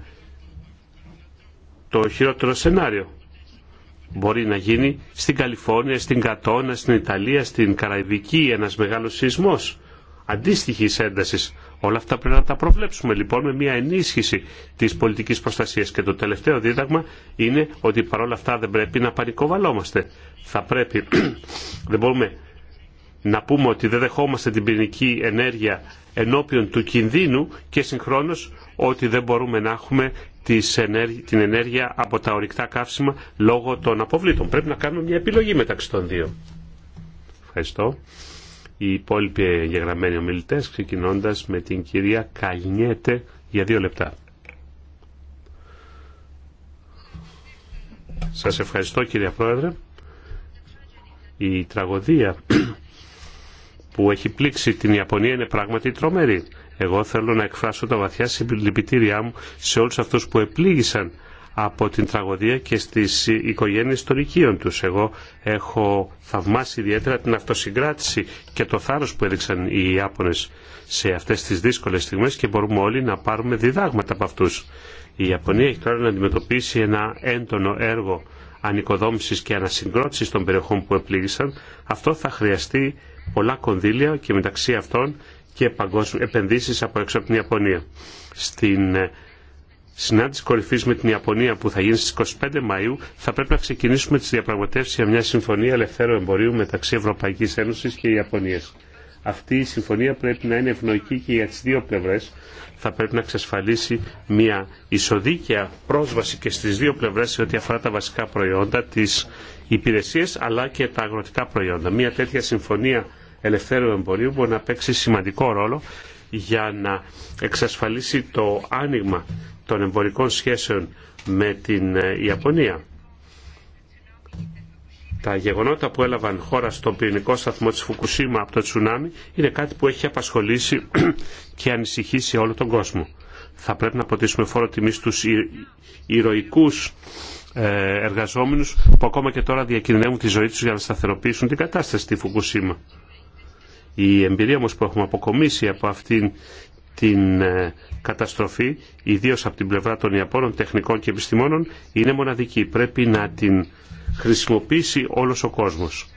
το χειρότερο σενάριο. Μπορεί να γίνει στην Καλιφόρνια, στην Κατώνα, στην Ιταλία, στην Καραϊβική ένας μεγάλος σεισμός αντίστοιχης έντασης Όλα αυτά πρέπει να τα προβλέψουμε λοιπόν με μια ενίσχυση τη πολιτική προστασία. Και το τελευταίο δίδαγμα είναι ότι παρόλα αυτά δεν πρέπει να πανικοβαλόμαστε. Θα πρέπει, δεν μπορούμε να πούμε ότι δεν δεχόμαστε την πυρηνική ενέργεια ενώπιον του κινδύνου και συγχρόνως ότι δεν μπορούμε να έχουμε την ενέργεια από τα ορυκτά καύσιμα λόγω των αποβλήτων. Πρέπει να κάνουμε μια επιλογή μεταξύ των δύο. Ευχαριστώ οι υπόλοιποι εγγεγραμμένοι ομιλητέ, ξεκινώντα με την κυρία Καλνιέτε για δύο λεπτά. Σας ευχαριστώ κύριε Πρόεδρε. Η τραγωδία που έχει πλήξει την Ιαπωνία είναι πράγματι τρομερή. Εγώ θέλω να εκφράσω τα βαθιά συλληπιτήριά μου σε όλους αυτούς που επλήγησαν από την τραγωδία και στις οικογένειες των οικείων τους. Εγώ έχω θαυμάσει ιδιαίτερα την αυτοσυγκράτηση και το θάρρος που έδειξαν οι Ιάπωνες σε αυτές τις δύσκολες στιγμές και μπορούμε όλοι να πάρουμε διδάγματα από αυτούς. Η Ιαπωνία έχει τώρα να αντιμετωπίσει ένα έντονο έργο ανοικοδόμησης και ανασυγκρότησης των περιοχών που επλήγησαν. Αυτό θα χρειαστεί πολλά κονδύλια και μεταξύ αυτών και επενδύσεις από έξω από την Ιαπωνία. Στην συνάντηση κορυφή με την Ιαπωνία που θα γίνει στι 25 Μαου, θα πρέπει να ξεκινήσουμε τι διαπραγματεύσει για μια συμφωνία ελευθέρου εμπορίου μεταξύ Ευρωπαϊκή Ένωση και Ιαπωνία. Αυτή η συμφωνία πρέπει να είναι ευνοϊκή και για τι δύο πλευρέ. Θα πρέπει να εξασφαλίσει μια ισοδίκαια πρόσβαση και στι δύο πλευρέ σε ό,τι αφορά τα βασικά προϊόντα, τι υπηρεσίε αλλά και τα αγροτικά προϊόντα. Μια τέτοια συμφωνία ελευθέρου εμπορίου μπορεί να παίξει σημαντικό ρόλο για να εξασφαλίσει το άνοιγμα των εμπορικών σχέσεων με την ε, Ιαπωνία. Τα γεγονότα που έλαβαν χώρα στον πυρηνικό σταθμό της Φουκουσίμα από το τσουνάμι είναι κάτι που έχει απασχολήσει και ανησυχήσει όλο τον κόσμο. Θα πρέπει να αποτίσουμε φόρο τιμή στους ηρωικούς ε, εργαζόμενους που ακόμα και τώρα διακινδυνεύουν τη ζωή τους για να σταθεροποιήσουν την κατάσταση στη Φουκουσίμα. Η εμπειρία όμως που έχουμε αποκομίσει από αυτήν την ε, καταστροφή, ιδίω από την πλευρά των Ιαπώνων τεχνικών και επιστημόνων, είναι μοναδική. Πρέπει να την χρησιμοποιήσει όλος ο κόσμος.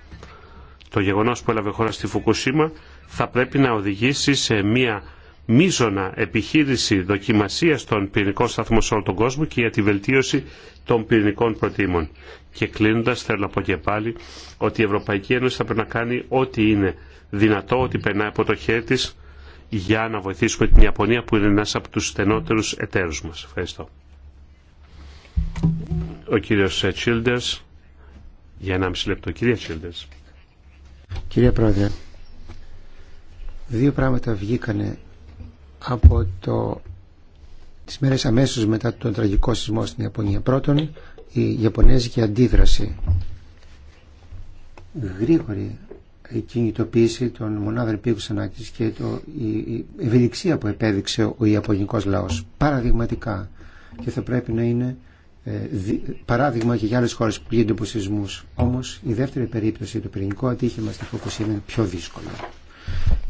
Το γεγονός που έλαβε χώρα στη Φουκουσίμα θα πρέπει να οδηγήσει σε μία μίζωνα επιχείρηση δοκιμασίας των πυρηνικών σταθμών σε όλο τον κόσμο και για τη βελτίωση των πυρηνικών προτίμων. Και κλείνοντας θέλω να πω και πάλι ότι η Ευρωπαϊκή Ένωση θα πρέπει να κάνει ό,τι είναι δυνατό, ό,τι περνάει από το χέρι για να βοηθήσουμε την Ιαπωνία που είναι ένας από τους στενότερους εταίρους μας. Ευχαριστώ. Ο κύριος Childers, για ένα μισή λεπτό. Κυρία Childers. Κυρία Πρόεδρε, δύο πράγματα βγήκανε από το... τις μέρες αμέσως μετά τον τραγικό σεισμό στην Ιαπωνία. Πρώτον, η Ιαπωνέζικη αντίδραση γρήγορη η κινητοποίηση των μονάδων επίγουσα ανάγκη και το, η, ευελιξία που επέδειξε ο ιαπωνικό λαό. παραδειγματικά και θα πρέπει να είναι ε, παράδειγμα και για άλλε χώρε που γίνονται από σεισμού. Όμως η δεύτερη περίπτωση, το πυρηνικό ατύχημα στη είναι πιο δύσκολο.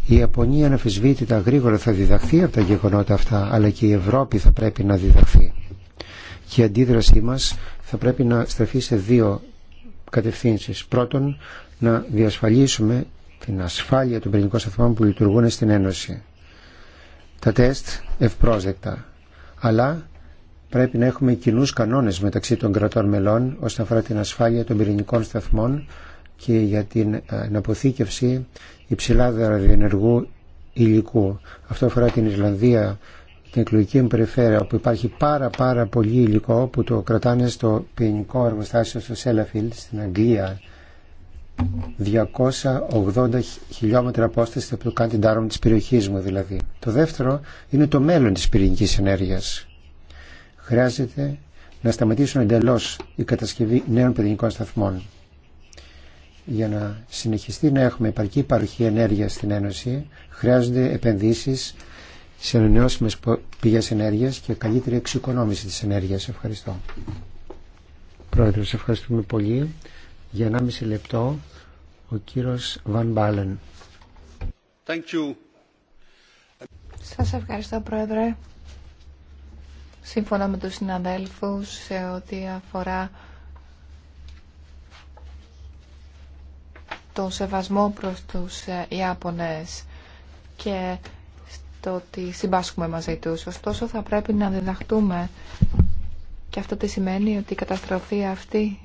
Η Ιαπωνία αναφεσβήτητα γρήγορα θα διδαχθεί από τα γεγονότα αυτά, αλλά και η Ευρώπη θα πρέπει να διδαχθεί. Και η αντίδρασή μα θα πρέπει να στραφεί σε δύο κατευθύνσεις. Πρώτον, να διασφαλίσουμε την ασφάλεια των πυρηνικών σταθμών που λειτουργούν στην Ένωση. Τα τεστ ευπρόσδεκτα. Αλλά πρέπει να έχουμε κοινού κανόνε μεταξύ των κρατών μελών όσον αφορά την ασφάλεια των πυρηνικών σταθμών και για την αποθήκευση υψηλά δραδιενεργού υλικού. Αυτό αφορά την Ιρλανδία, την εκλογική μου περιφέρεια, όπου υπάρχει πάρα πάρα πολύ υλικό που το κρατάνε στο πυρηνικό εργοστάσιο στο Σέλαφιλ στην Αγγλία 280 χιλιόμετρα απόσταση από το κάντι ντάρον της περιοχής μου δηλαδή. Το δεύτερο είναι το μέλλον της πυρηνικής ενέργειας. Χρειάζεται να σταματήσουν εντελώς η κατασκευή νέων πυρηνικών σταθμών. Για να συνεχιστεί να έχουμε επαρκή παροχή ενέργειας στην Ένωση χρειάζονται επενδύσεις σε ανανεώσιμε πηγές ενέργειας και καλύτερη εξοικονόμηση της ενέργειας. Ευχαριστώ. Πρόεδρε, ευχαριστούμε πολύ. Για 1,5 λεπτό ο κύριος Βαν Μπάλεν. Σας ευχαριστώ Πρόεδρε. Σύμφωνα με τους συναδέλφους σε ό,τι αφορά τον σεβασμό προς τους ε, Ιάπωνες και το ότι συμπάσχουμε μαζί τους. Ωστόσο θα πρέπει να διδαχτούμε και αυτό τι σημαίνει ότι η καταστροφή αυτή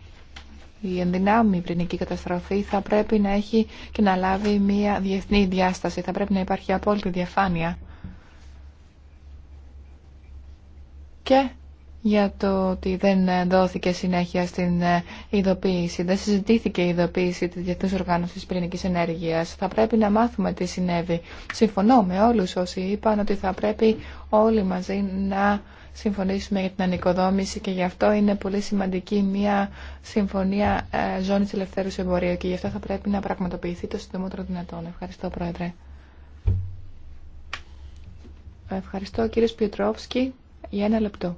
η ενδυνάμει πυρηνική καταστροφή θα πρέπει να έχει και να λάβει μια διεθνή διάσταση. Θα πρέπει να υπάρχει απόλυτη διαφάνεια. Και για το ότι δεν δόθηκε συνέχεια στην ειδοποίηση, δεν συζητήθηκε η ειδοποίηση της Διεθνούς Οργάνωσης Πυρηνικής Ενέργειας. Θα πρέπει να μάθουμε τι συνέβη. Συμφωνώ με όλους όσοι είπαν ότι θα πρέπει όλοι μαζί να συμφωνήσουμε για την ανοικοδόμηση και γι' αυτό είναι πολύ σημαντική μια συμφωνία ε, ζώνης ελευθέρου εμπορίου και γι' αυτό θα πρέπει να πραγματοποιηθεί το συντομότερο δυνατόν. Ευχαριστώ Πρόεδρε. Ευχαριστώ κύριος Πιετρόφσκι για ένα λεπτό.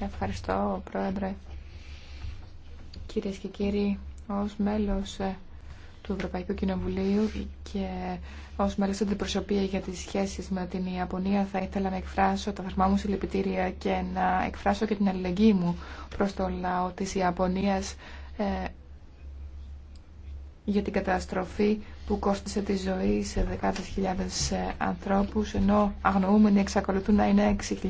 Ευχαριστώ Πρόεδρε. Κυρίες και κύριοι, ως μέλος ε, του Ευρωπαϊκού Κοινοβουλίου και ω μέλο τη αντιπροσωπεία για τι σχέσει με την Ιαπωνία θα ήθελα να εκφράσω τα θερμά μου συλληπιτήρια και να εκφράσω και την αλληλεγγύη μου προ το λαό τη Ιαπωνία ε, για την καταστροφή που κόστησε τη ζωή σε δεκάδε χιλιάδε ε, ανθρώπους, ενώ αγνοούμενοι εξακολουθούν να είναι 6.000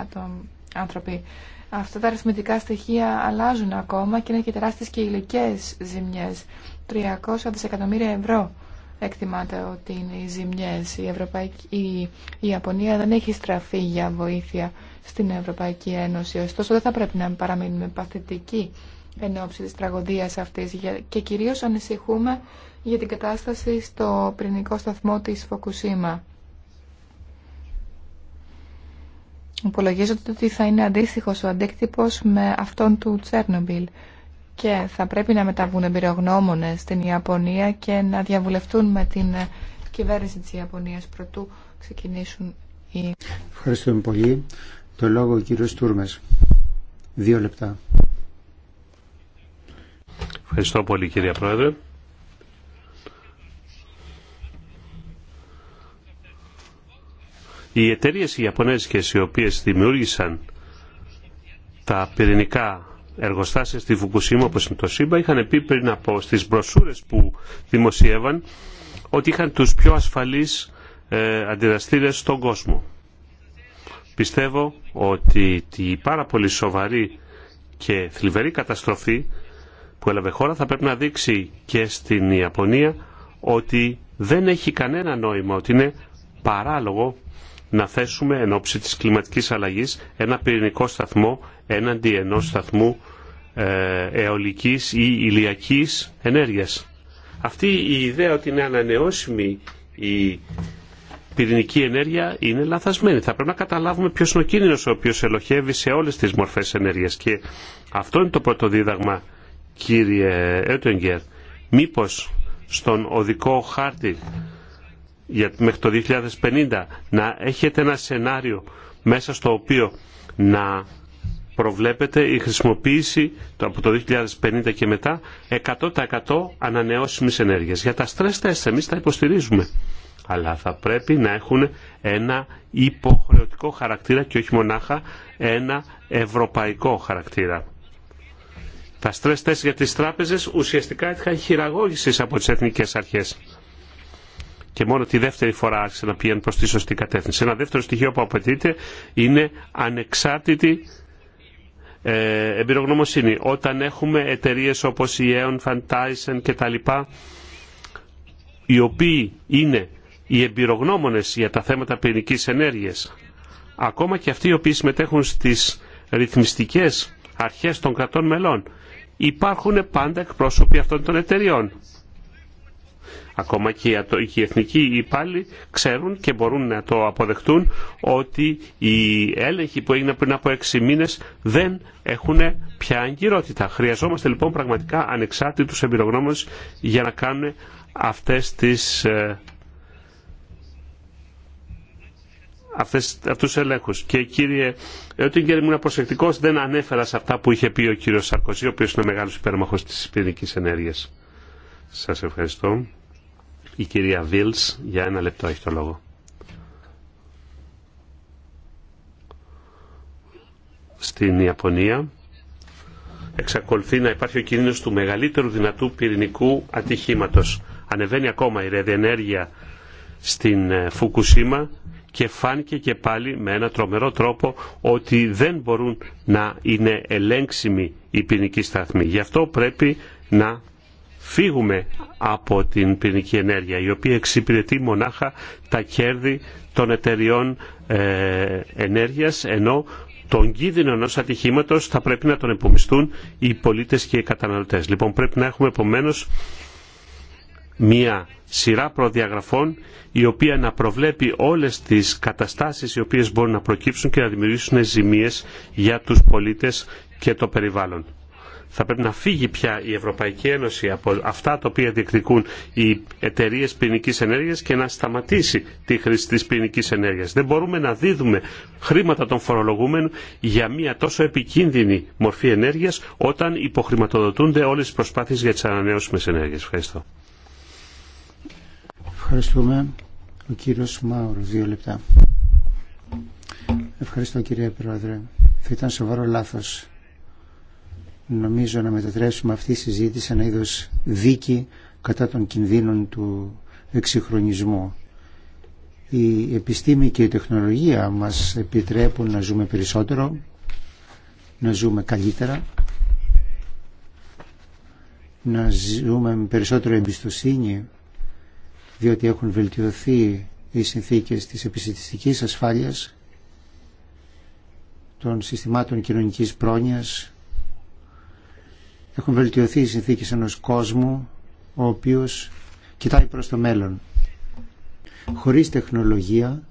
άτομα άνθρωποι. Αυτά τα αριθμητικά στοιχεία αλλάζουν ακόμα και είναι και τεράστιες και ηλικές ζημιές. 300 δισεκατομμύρια ευρώ εκτιμάται ότι είναι οι ζημιές. Η, Ευρωπαϊκή, η, η Ιαπωνία δεν έχει στραφεί για βοήθεια στην Ευρωπαϊκή Ένωση. Ωστόσο δεν θα πρέπει να παραμείνουμε παθητικοί εν ώψη της τραγωδίας αυτής και κυρίως ανησυχούμε για την κατάσταση στο πυρηνικό σταθμό της Φοκουσίμα. Υπολογίζονται ότι θα είναι αντίστοιχο ο αντίκτυπο με αυτόν του Τσέρνομπιλ και θα πρέπει να μεταβούν εμπειρογνώμονε στην Ιαπωνία και να διαβουλευτούν με την κυβέρνηση της Ιαπωνίας προτού ξεκινήσουν οι... Ευχαριστούμε πολύ. Το λόγο ο κύριο Τούρμες. Δύο λεπτά. Ευχαριστώ πολύ κύριε Πρόεδρε. Οι εταιρείες οι Ιαπωνέζικες οι οποίες δημιούργησαν τα πυρηνικά εργοστάσια στη Φουκουσίμα όπως είναι το ΣΥΜΠΑ είχαν πει πριν από στις μπροσούρες που δημοσιεύαν ότι είχαν τους πιο ασφαλείς ε, αντιδραστήρες στον κόσμο. Πιστεύω ότι η πάρα πολύ σοβαρή και θλιβερή καταστροφή που έλαβε χώρα θα πρέπει να δείξει και στην Ιαπωνία ότι δεν έχει κανένα νόημα, ότι είναι παράλογο να θέσουμε εν ώψη της κλιματικής αλλαγής ένα πυρηνικό σταθμό έναντι ενός σταθμού ε, αιωλικής ή ηλιακής ενέργειας. Αυτή η ιδέα ότι είναι ανανεώσιμη η πυρηνική ενέργεια είναι λαθασμένη. Θα πρέπει να καταλάβουμε ποιος είναι ο κίνδυνος ο οποίος ελοχεύει σε όλες τις μορφές ενέργειας. Και αυτό είναι το πρώτο δίδαγμα, κύριε Έτογκερ. Μήπως στον οδικό χάρτη για, μέχρι το 2050 να έχετε ένα σενάριο μέσα στο οποίο να προβλέπετε η χρησιμοποίηση το, από το 2050 και μετά 100% ανανεώσιμης ενέργειας. Για τα stress test εμείς τα υποστηρίζουμε. Αλλά θα πρέπει να έχουν ένα υποχρεωτικό χαρακτήρα και όχι μονάχα ένα ευρωπαϊκό χαρακτήρα. Τα stress test για τις τράπεζες ουσιαστικά είχαν χειραγώγησης από τις εθνικές αρχές και μόνο τη δεύτερη φορά άρχισαν να πηγαίνουν προς τη σωστή κατεύθυνση. Ένα δεύτερο στοιχείο που απαιτείται είναι ανεξάρτητη ε, εμπειρογνωμοσύνη. Όταν έχουμε εταιρείε όπως η Aeon, Fantaisen λοιπά, οι οποίοι είναι οι εμπειρογνώμονες για τα θέματα πυρηνικής ενέργειας, ακόμα και αυτοί οι οποίοι συμμετέχουν στις ρυθμιστικές αρχές των κρατών μελών, υπάρχουν πάντα εκπρόσωποι αυτών των εταιριών. Ακόμα και οι εθνικοί υπάλληλοι ξέρουν και μπορούν να το αποδεχτούν ότι οι έλεγχοι που έγιναν πριν από έξι μήνες δεν έχουν πια αγκυρότητα. Χρειαζόμαστε λοιπόν πραγματικά ανεξάρτητους εμπειρογνώμους για να κάνουν αυτές τις ε, αυτές, αυτούς τους ελέγχους. Και κύριε Εωτήγκερ ήμουν προσεκτικό δεν ανέφερα σε αυτά που είχε πει ο κύριος Σαρκοζή, ο οποίος είναι μεγάλος υπέρμαχος της πυρηνικής ενέργειας. Σας ευχαριστώ. Η κυρία Βίλς για ένα λεπτό έχει το λόγο. Στην Ιαπωνία εξακολουθεί να υπάρχει ο κίνδυνος του μεγαλύτερου δυνατού πυρηνικού ατυχήματος. Ανεβαίνει ακόμα η ρεδιενέργεια στην ε, Φουκουσίμα και φάνηκε και πάλι με ένα τρομερό τρόπο ότι δεν μπορούν να είναι ελέγξιμοι οι πυρηνικοί σταθμοί. Γι' αυτό πρέπει να φύγουμε από την πυρηνική ενέργεια η οποία εξυπηρετεί μονάχα τα κέρδη των εταιριών ε, ενέργειας ενώ τον κίνδυνο ενό ατυχήματο θα πρέπει να τον επομιστούν οι πολίτες και οι καταναλωτές. Λοιπόν πρέπει να έχουμε επομένω μια σειρά προδιαγραφών η οποία να προβλέπει όλες τις καταστάσεις οι οποίες μπορούν να προκύψουν και να δημιουργήσουν ζημίες για τους πολίτες και το περιβάλλον. Θα πρέπει να φύγει πια η Ευρωπαϊκή Ένωση από αυτά τα οποία διεκδικούν οι εταιρείε ποινική ενέργεια και να σταματήσει τη χρήση τη ποινική ενέργεια. Δεν μπορούμε να δίδουμε χρήματα των φορολογούμενων για μια τόσο επικίνδυνη μορφή ενέργεια όταν υποχρηματοδοτούνται όλε τι προσπάθειε για τι ανανεώσιμε ενέργειε. Ευχαριστώ. Ευχαριστούμε. Ο κύριο Μάουρο, δύο λεπτά. Ευχαριστώ κύριε Πρόεδρε. Θα ήταν σοβαρό λάθος νομίζω να μετατρέψουμε αυτή τη συζήτηση σε ένα είδος δίκη κατά των κινδύνων του εξυγχρονισμού. Η επιστήμη και η τεχνολογία μας επιτρέπουν να ζούμε περισσότερο, να ζούμε καλύτερα, να ζούμε με περισσότερο εμπιστοσύνη, διότι έχουν βελτιωθεί οι συνθήκες της επιστημιστικής ασφάλειας, των συστημάτων κοινωνικής πρόνοιας, έχουν βελτιωθεί οι συνθήκε ενός κόσμου ο οποίος κοιτάει προς το μέλλον. Χωρίς τεχνολογία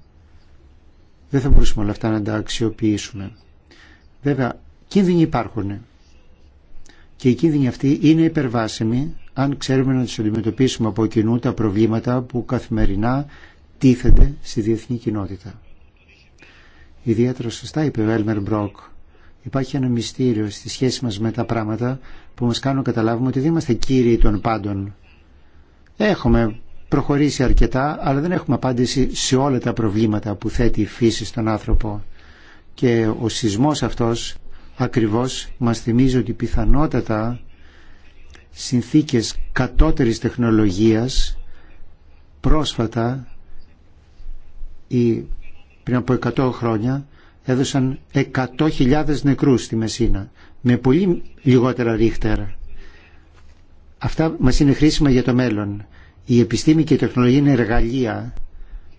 δεν θα μπορούσαμε όλα αυτά να τα αξιοποιήσουμε. Βέβαια, κίνδυνοι υπάρχουν. Και οι κίνδυνοι αυτοί είναι υπερβάσιμοι αν ξέρουμε να τους αντιμετωπίσουμε από κοινού τα προβλήματα που καθημερινά τίθενται στη διεθνή κοινότητα. Ιδιαίτερα σωστά είπε ο Έλμερ Μπρόκ. Υπάρχει ένα μυστήριο στη σχέση μας με τα πράγματα που μας κάνουν καταλάβουμε ότι δεν είμαστε κύριοι των πάντων. Έχουμε προχωρήσει αρκετά, αλλά δεν έχουμε απάντηση σε όλα τα προβλήματα που θέτει η φύση στον άνθρωπο. Και ο σεισμός αυτός ακριβώς μας θυμίζει ότι πιθανότατα συνθήκες κατώτερης τεχνολογίας πρόσφατα ή πριν από 100 χρόνια έδωσαν 100.000 νεκρούς στη Μεσίνα με πολύ λιγότερα ρίχτερ. Αυτά μας είναι χρήσιμα για το μέλλον. Η επιστήμη και η τεχνολογία είναι εργαλεία.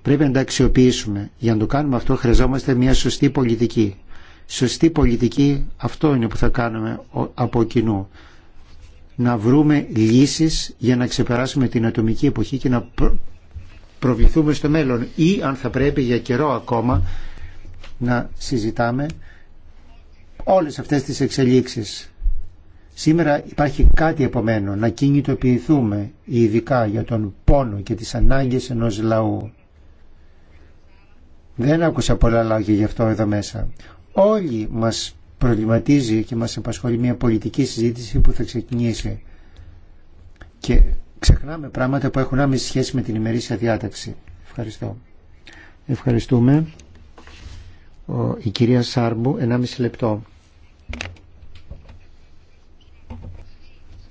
Πρέπει να τα αξιοποιήσουμε. Για να το κάνουμε αυτό χρειαζόμαστε μια σωστή πολιτική. Σωστή πολιτική αυτό είναι που θα κάνουμε από κοινού. Να βρούμε λύσεις για να ξεπεράσουμε την ατομική εποχή και να προβληθούμε στο μέλλον ή αν θα πρέπει για καιρό ακόμα να συζητάμε όλες αυτές τις εξελίξεις. Σήμερα υπάρχει κάτι επομένο να κινητοποιηθούμε ειδικά για τον πόνο και τις ανάγκες ενός λαού. Δεν άκουσα πολλά λόγια γι' αυτό εδώ μέσα. Όλοι μας προβληματίζει και μας απασχολεί μια πολιτική συζήτηση που θα ξεκινήσει. Και ξεχνάμε πράγματα που έχουν άμεση σχέση με την ημερήσια διάταξη. Ευχαριστώ. Ευχαριστούμε. Ο, η κυρία Σάρμπου, 1,5 λεπτό.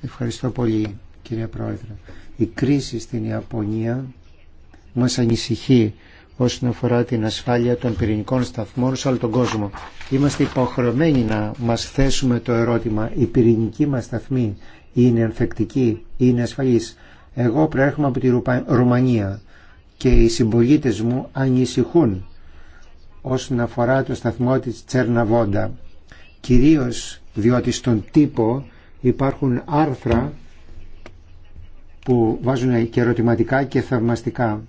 Ευχαριστώ πολύ κυρία Πρόεδρε. Η κρίση στην Ιαπωνία μας ανησυχεί όσον αφορά την ασφάλεια των πυρηνικών σταθμών σε όλο τον κόσμο. Είμαστε υποχρεωμένοι να μας θέσουμε το ερώτημα η πυρηνική μας σταθμή είναι ανθεκτική, είναι ασφαλής. Εγώ προέρχομαι από τη Ρουμανία και οι συμπολίτε μου ανησυχούν όσον αφορά το σταθμό της Τσερναβόντα κυρίως διότι στον τύπο υπάρχουν άρθρα που βάζουν και ερωτηματικά και θαυμαστικά.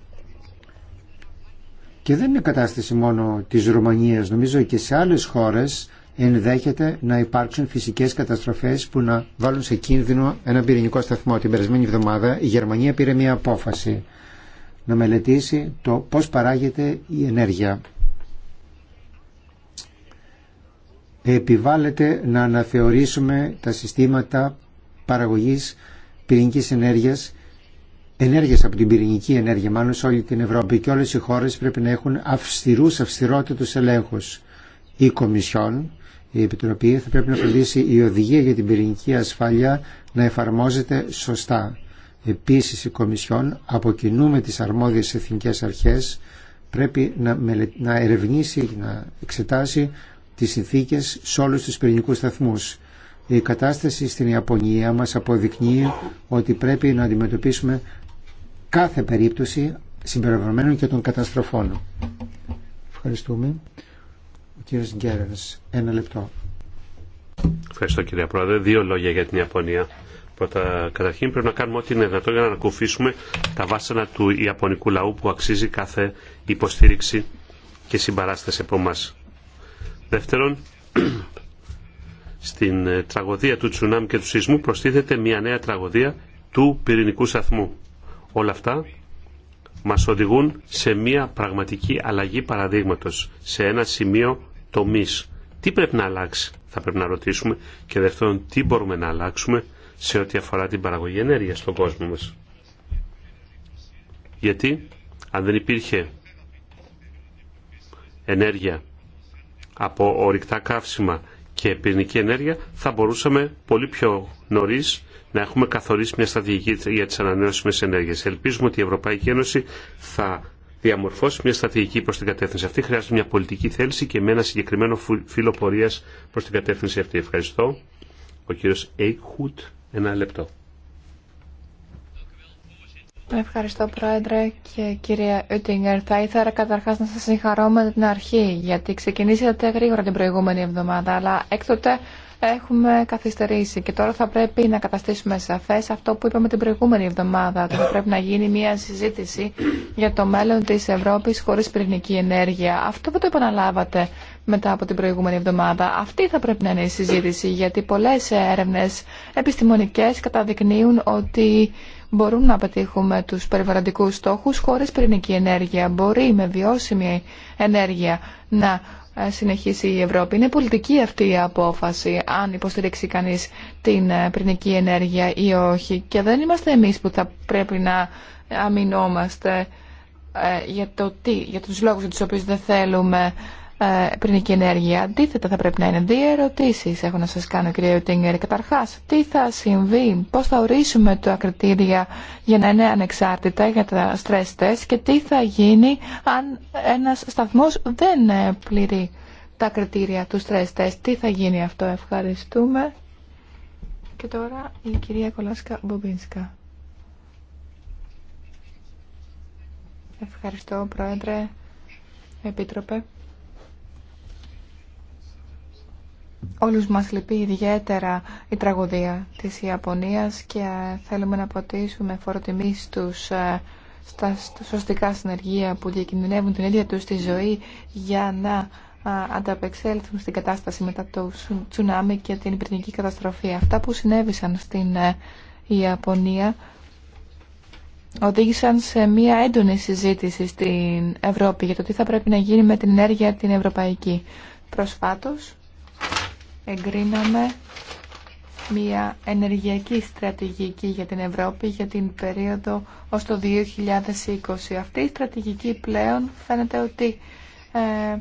Και δεν είναι κατάσταση μόνο της Ρουμανίας, νομίζω και σε άλλες χώρες ενδέχεται να υπάρξουν φυσικές καταστροφές που να βάλουν σε κίνδυνο ένα πυρηνικό σταθμό. Την περασμένη εβδομάδα η Γερμανία πήρε μια απόφαση να μελετήσει το πώς παράγεται η ενέργεια. επιβάλλεται να αναθεωρήσουμε τα συστήματα παραγωγής πυρηνικής ενέργειας ενέργειας από την πυρηνική ενέργεια μάλλον σε όλη την Ευρώπη και όλες οι χώρες πρέπει να έχουν αυστηρούς αυστηρότητους ελέγχους. Η Κομισιόν, η Επιτροπή θα πρέπει να φροντίσει η οδηγία για την πυρηνική ασφάλεια να εφαρμόζεται σωστά. Επίσης η Κομισιόν από κοινού με τις αρμόδιες εθνικές αρχές πρέπει να, ερευνήσει να εξετάσει τι συνθήκε σε όλου του πυρηνικού σταθμού. Η κατάσταση στην Ιαπωνία μα αποδεικνύει ότι πρέπει να αντιμετωπίσουμε κάθε περίπτωση συμπεριλαμβανομένων και των καταστροφών. Ευχαριστούμε. Ο κύριος Γκέρας, ένα λεπτό. Ευχαριστώ κύριε Πρόεδρε. Δύο λόγια για την Ιαπωνία. Πρώτα, καταρχήν πρέπει να κάνουμε ό,τι είναι δυνατό για να ανακουφίσουμε τα βάσανα του Ιαπωνικού λαού που αξίζει κάθε υποστήριξη και συμπαράσταση από εμά. Δεύτερον, στην ε, τραγωδία του τσουνάμ και του σεισμού προστίθεται μια νέα τραγωδία του πυρηνικού σταθμού. Όλα αυτά μας οδηγούν σε μια πραγματική αλλαγή παραδείγματος, σε ένα σημείο τομής. Τι πρέπει να αλλάξει, θα πρέπει να ρωτήσουμε και δεύτερον τι μπορούμε να αλλάξουμε σε ό,τι αφορά την παραγωγή ενέργεια στον κόσμο μας. Γιατί αν δεν υπήρχε ενέργεια από ορυκτά καύσιμα και πυρηνική ενέργεια, θα μπορούσαμε πολύ πιο νωρί να έχουμε καθορίσει μια στρατηγική για τι ανανεώσιμε ενέργειες. Ελπίζουμε ότι η Ευρωπαϊκή Ένωση θα διαμορφώσει μια στρατηγική προ την κατεύθυνση αυτή. Χρειάζεται μια πολιτική θέληση και με ένα συγκεκριμένο φύλλο πορεία προ την κατεύθυνση αυτή. Ευχαριστώ. Ο κύριο Έικχουτ, ένα λεπτό. Ευχαριστώ Πρόεδρε και κυρία Ούτιγκερ. Θα ήθελα καταρχάς να σας συγχαρώ με την αρχή γιατί ξεκινήσατε γρήγορα την προηγούμενη εβδομάδα αλλά έκτοτε έχουμε καθυστερήσει και τώρα θα πρέπει να καταστήσουμε σαφές αυτό που είπαμε την προηγούμενη εβδομάδα ότι θα πρέπει να γίνει μια συζήτηση για το μέλλον της Ευρώπης χωρίς πυρηνική ενέργεια. Αυτό που το επαναλάβατε μετά από την προηγούμενη εβδομάδα. Αυτή θα πρέπει να είναι η συζήτηση γιατί πολλέ έρευνες επιστημονικές καταδεικνύουν ότι μπορούμε να πετύχουμε τους περιβαλλοντικούς στόχους χωρίς πυρηνική ενέργεια. Μπορεί με βιώσιμη ενέργεια να ε, συνεχίσει η Ευρώπη. Είναι πολιτική αυτή η απόφαση αν υποστηρίξει κανείς την ε, πυρηνική ενέργεια ή όχι. Και δεν είμαστε εμείς που θα πρέπει να αμυνόμαστε ε, για, το τι, για τους λόγους για τους οποίους δεν θέλουμε ε, πριν η ενέργεια. Αντίθετα, θα πρέπει να είναι δύο ερωτήσει. Έχω να σα κάνω, κύριε Ουτίνγκερ. Καταρχά, τι θα συμβεί, πώ θα ορίσουμε τα κριτήρια για να είναι ανεξάρτητα για τα stress test και τι θα γίνει αν ένα σταθμό δεν ε, πληρεί τα κριτήρια του stress test. Τι θα γίνει αυτό, ευχαριστούμε. Και τώρα η κυρία Κολάσκα Μπομπίνσκα. Ευχαριστώ, Πρόεδρε, Επίτροπε. Όλους μας λυπεί ιδιαίτερα η τραγωδία της Ιαπωνίας και θέλουμε να ποτίσουμε φοροτιμή τους ε, στα σωστικά συνεργεία που διακινδυνεύουν την ίδια τους τη ζωή για να ε, ανταπεξέλθουν στην κατάσταση μετά το τσουνάμι και την πυρηνική καταστροφή. Αυτά που συνέβησαν στην ε, Ιαπωνία οδήγησαν σε μια έντονη συζήτηση στην Ευρώπη για το τι θα πρέπει να γίνει με την ενέργεια την ευρωπαϊκή. Προσφάτως, εγκρίναμε μια ενεργειακή στρατηγική για την Ευρώπη για την περίοδο ως το 2020. Αυτή η στρατηγική πλέον φαίνεται ότι ε,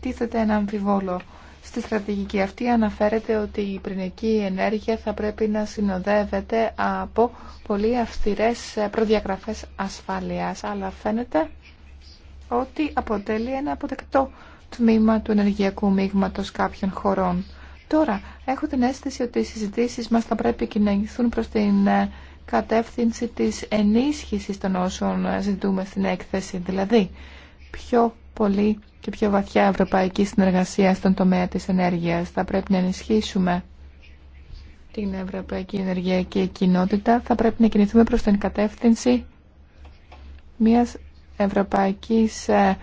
τίθεται ένα αμφιβόλο. Στη στρατηγική αυτή αναφέρεται ότι η πρινική ενέργεια θα πρέπει να συνοδεύεται από πολύ αυστηρές ε, προδιαγραφές ασφάλειας, αλλά φαίνεται ότι αποτελεί ένα αποδεκτό τμήμα του ενεργειακού μείγματος κάποιων χωρών. Τώρα, έχω την αίσθηση ότι οι συζητήσεις μας θα πρέπει να κινηθούν προς την ε, κατεύθυνση της ενίσχυσης των όσων ε, ζητούμε στην έκθεση, δηλαδή πιο πολύ και πιο βαθιά ευρωπαϊκή συνεργασία στον τομέα της ενέργειας. Θα πρέπει να ενισχύσουμε την Ευρωπαϊκή Ενεργειακή Κοινότητα. Θα πρέπει να κινηθούμε προς την κατεύθυνση μιας ευρωπαϊκής ε,